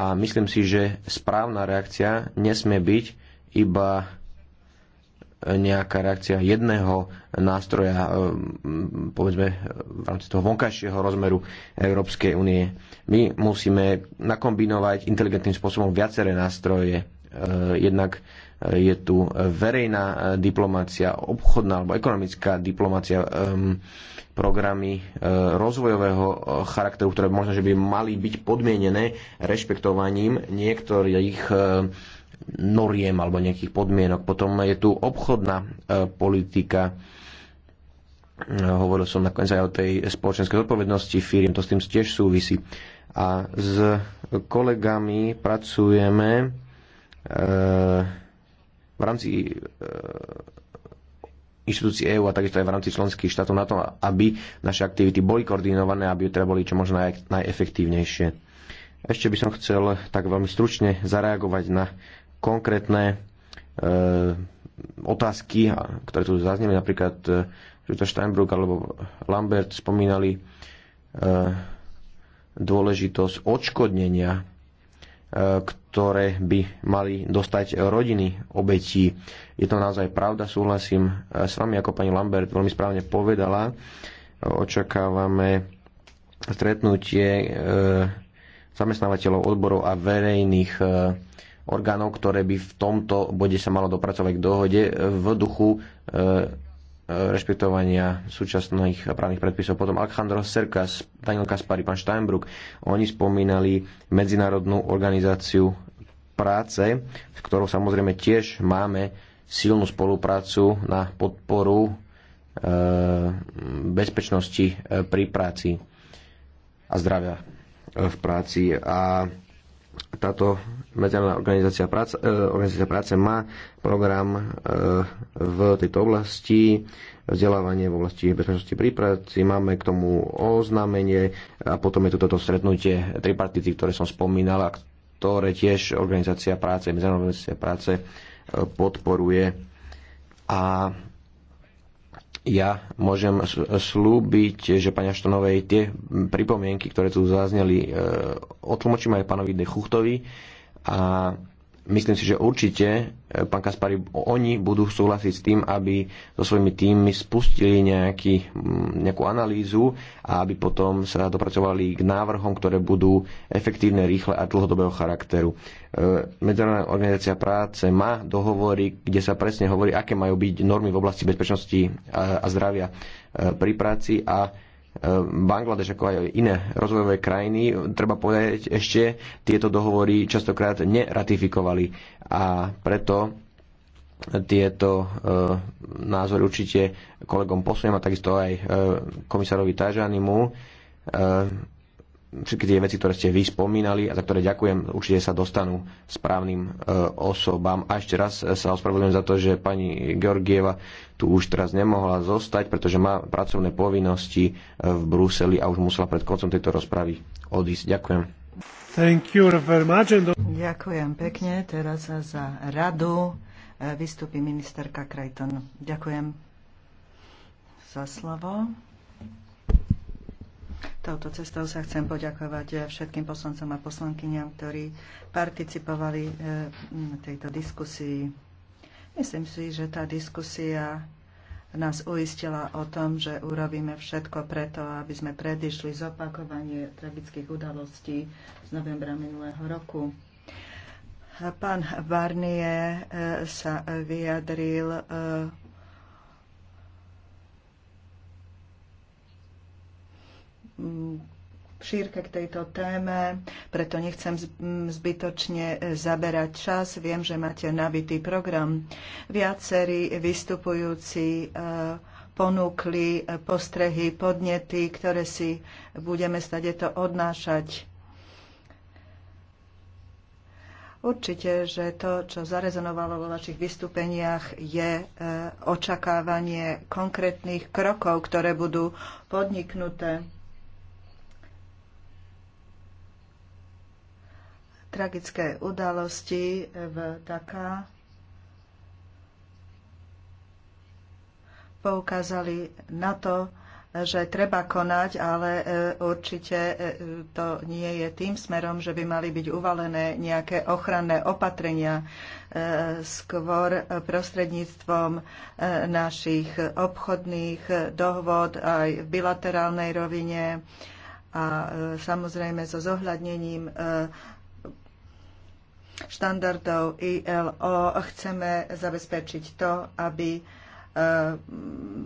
A myslím si, že správna reakcia nesmie byť iba nejaká reakcia jedného nástroja, eh, povedzme v rámci toho vonkajšieho rozmeru Európskej únie. My musíme nakombinovať inteligentným spôsobom viaceré nástroje. Eh, jednak eh, je tu verejná diplomácia, obchodná alebo ekonomická diplomácia, ehm, programy rozvojového charakteru, ktoré možno, že by mali byť podmienené rešpektovaním niektorých noriem alebo nejakých podmienok. Potom je tu obchodná e, politika. E, hovoril som nakoniec aj o tej spoločenskej zodpovednosti firiem, to s tým tiež súvisí. A s kolegami pracujeme e, v rámci inštitúcií EÚ a takisto aj v rámci členských štátov na to, aby naše aktivity boli koordinované, aby teda boli čo možno naj, najefektívnejšie. Ešte by som chcel tak veľmi stručne zareagovať na konkrétne e, otázky, ktoré tu zazneli, napríklad e, Jutta Steinbrück alebo Lambert spomínali e, dôležitosť odškodnenia, ktoré by mali dostať rodiny obetí. Je to naozaj pravda, súhlasím s vami, ako pani Lambert veľmi správne povedala. Očakávame stretnutie zamestnávateľov odborov a verejných orgánov, ktoré by v tomto bode sa malo dopracovať k dohode v duchu e, e, rešpektovania súčasných právnych predpisov. Potom Alejandro Serkas, Daniel Kaspari, pán Steinbrück, oni spomínali Medzinárodnú organizáciu práce, s ktorou samozrejme tiež máme silnú spoluprácu na podporu e, bezpečnosti pri práci a zdravia v práci. A táto Medzinárodná organizácia práce, e, organizácia práce má program e, v tejto oblasti, vzdelávanie v oblasti bezpečnosti pri práci, máme k tomu oznámenie a potom je tu toto stretnutie tripartity, ktoré som spomínal a ktoré tiež organizácia práce, Medzinárodná organizácia práce e, podporuje. A ja môžem slúbiť, že pani Štonovej tie pripomienky, ktoré tu zazneli, otlmočím aj pánovi Dechuchtovi a myslím si, že určite e, pán Kaspari, oni budú súhlasiť s tým, aby so svojimi týmmi spustili nejaký, mm, nejakú analýzu a aby potom sa dopracovali k návrhom, ktoré budú efektívne, rýchle a dlhodobého charakteru. E, Medzinárodná organizácia práce má dohovory, kde sa presne hovorí, aké majú byť normy v oblasti bezpečnosti a zdravia e, pri práci a Bangladeš ako aj iné rozvojové krajiny, treba povedať, ešte tieto dohovory častokrát neratifikovali a preto tieto e, názory určite kolegom posuniem a takisto aj e, komisárovi Tajanimu e, všetky tie veci, ktoré ste vy spomínali a za ktoré ďakujem, určite sa dostanú správnym e, osobám. A ešte raz e, sa ospravedlňujem za to, že pani Georgieva tu už teraz nemohla zostať, pretože má pracovné povinnosti e, v Bruseli a už musela pred koncom tejto rozpravy odísť. Ďakujem. Thank you very much. Ďakujem pekne. Teraz za radu e, vystupí ministerka Krajton. Ďakujem za slovo. Touto cestou sa chcem poďakovať eh, všetkým poslancom a poslankyňam, ktorí participovali v eh, tejto diskusii. Myslím si, že tá diskusia nás uistila o tom, že urobíme všetko preto, aby sme predišli zopakovanie tragických udalostí z novembra minulého roku. Pán Barnier eh, sa vyjadril šírke k tejto téme, preto nechcem zbytočne e, zaberať čas. Viem, že máte nabitý program. Viacerí vystupujúci e, ponúkli e, postrehy, podnety, ktoré si budeme to odnášať. Určite, že to, čo zarezonovalo vo vašich vystúpeniach, je očakávanie konkrétnych krokov, ktoré budú podniknuté tragické udalosti v Daká poukázali na to, že treba konať, ale e, určite e, to nie je tým smerom, že by mali byť uvalené nejaké ochranné opatrenia, e, skôr prostredníctvom našich obchodných dohôd aj v bilaterálnej rovine a samozrejme so zohľadnením štandardov ILO chceme zabezpečiť to, aby e,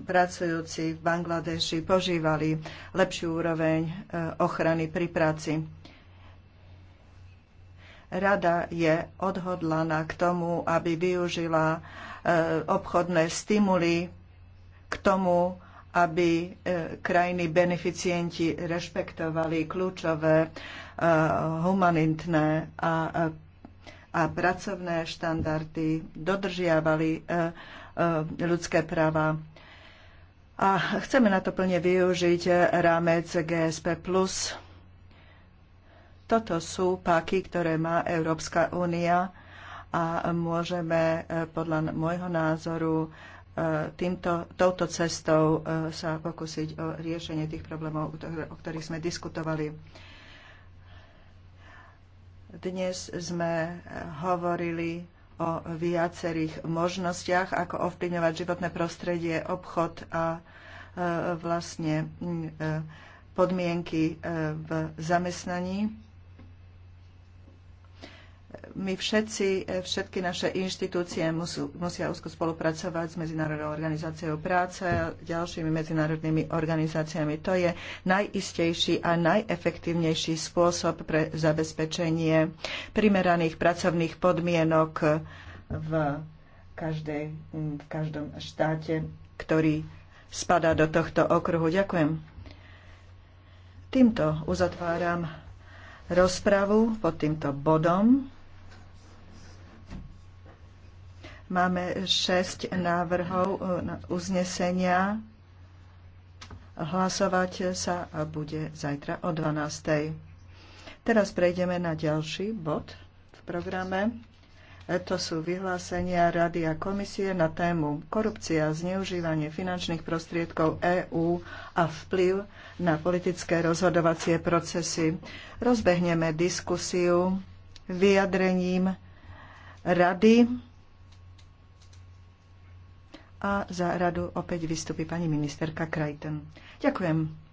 pracujúci v Bangladeši požívali lepšiu úroveň e, ochrany pri práci. Rada je odhodlaná k tomu, aby využila e, obchodné stimuly k tomu, aby krajiny beneficienti rešpektovali kľúčové humanitné a a pracovné štandardy, dodržiavali e, e, ľudské práva. A chceme na to plne využiť e, rámec GSP+. Toto sú páky, ktoré má Európska únia a môžeme podľa môjho názoru týmto, touto cestou sa pokúsiť o riešenie tých problémov, o ktorých sme diskutovali. Dnes sme eh, hovorili o viacerých možnostiach, ako ovplyvňovať životné prostredie, obchod a eh, vlastne mm, eh, podmienky v zamestnaní my všetci, e, všetky naše inštitúcie musú, musia úzko spolupracovať s Medzinárodnou organizáciou práce a ďalšími medzinárodnými organizáciami. To je najistejší a najefektívnejší spôsob pre zabezpečenie primeraných pracovných podmienok v, každej, v každom štáte, ktorý spadá do tohto okruhu. Ďakujem. Týmto uzatváram rozpravu pod týmto bodom. Máme šesť návrhov e, uznesenia. Hlasovať sa bude zajtra o 12. Teraz prejdeme na ďalší bod v programe. E, to sú vyhlásenia Rady a komisie na tému korupcia, zneužívanie finančných prostriedkov EÚ a vplyv na politické rozhodovacie procesy. Rozbehneme diskusiu vyjadrením Rady a za radu opäť vystupí pani ministerka Krajten. Ďakujem.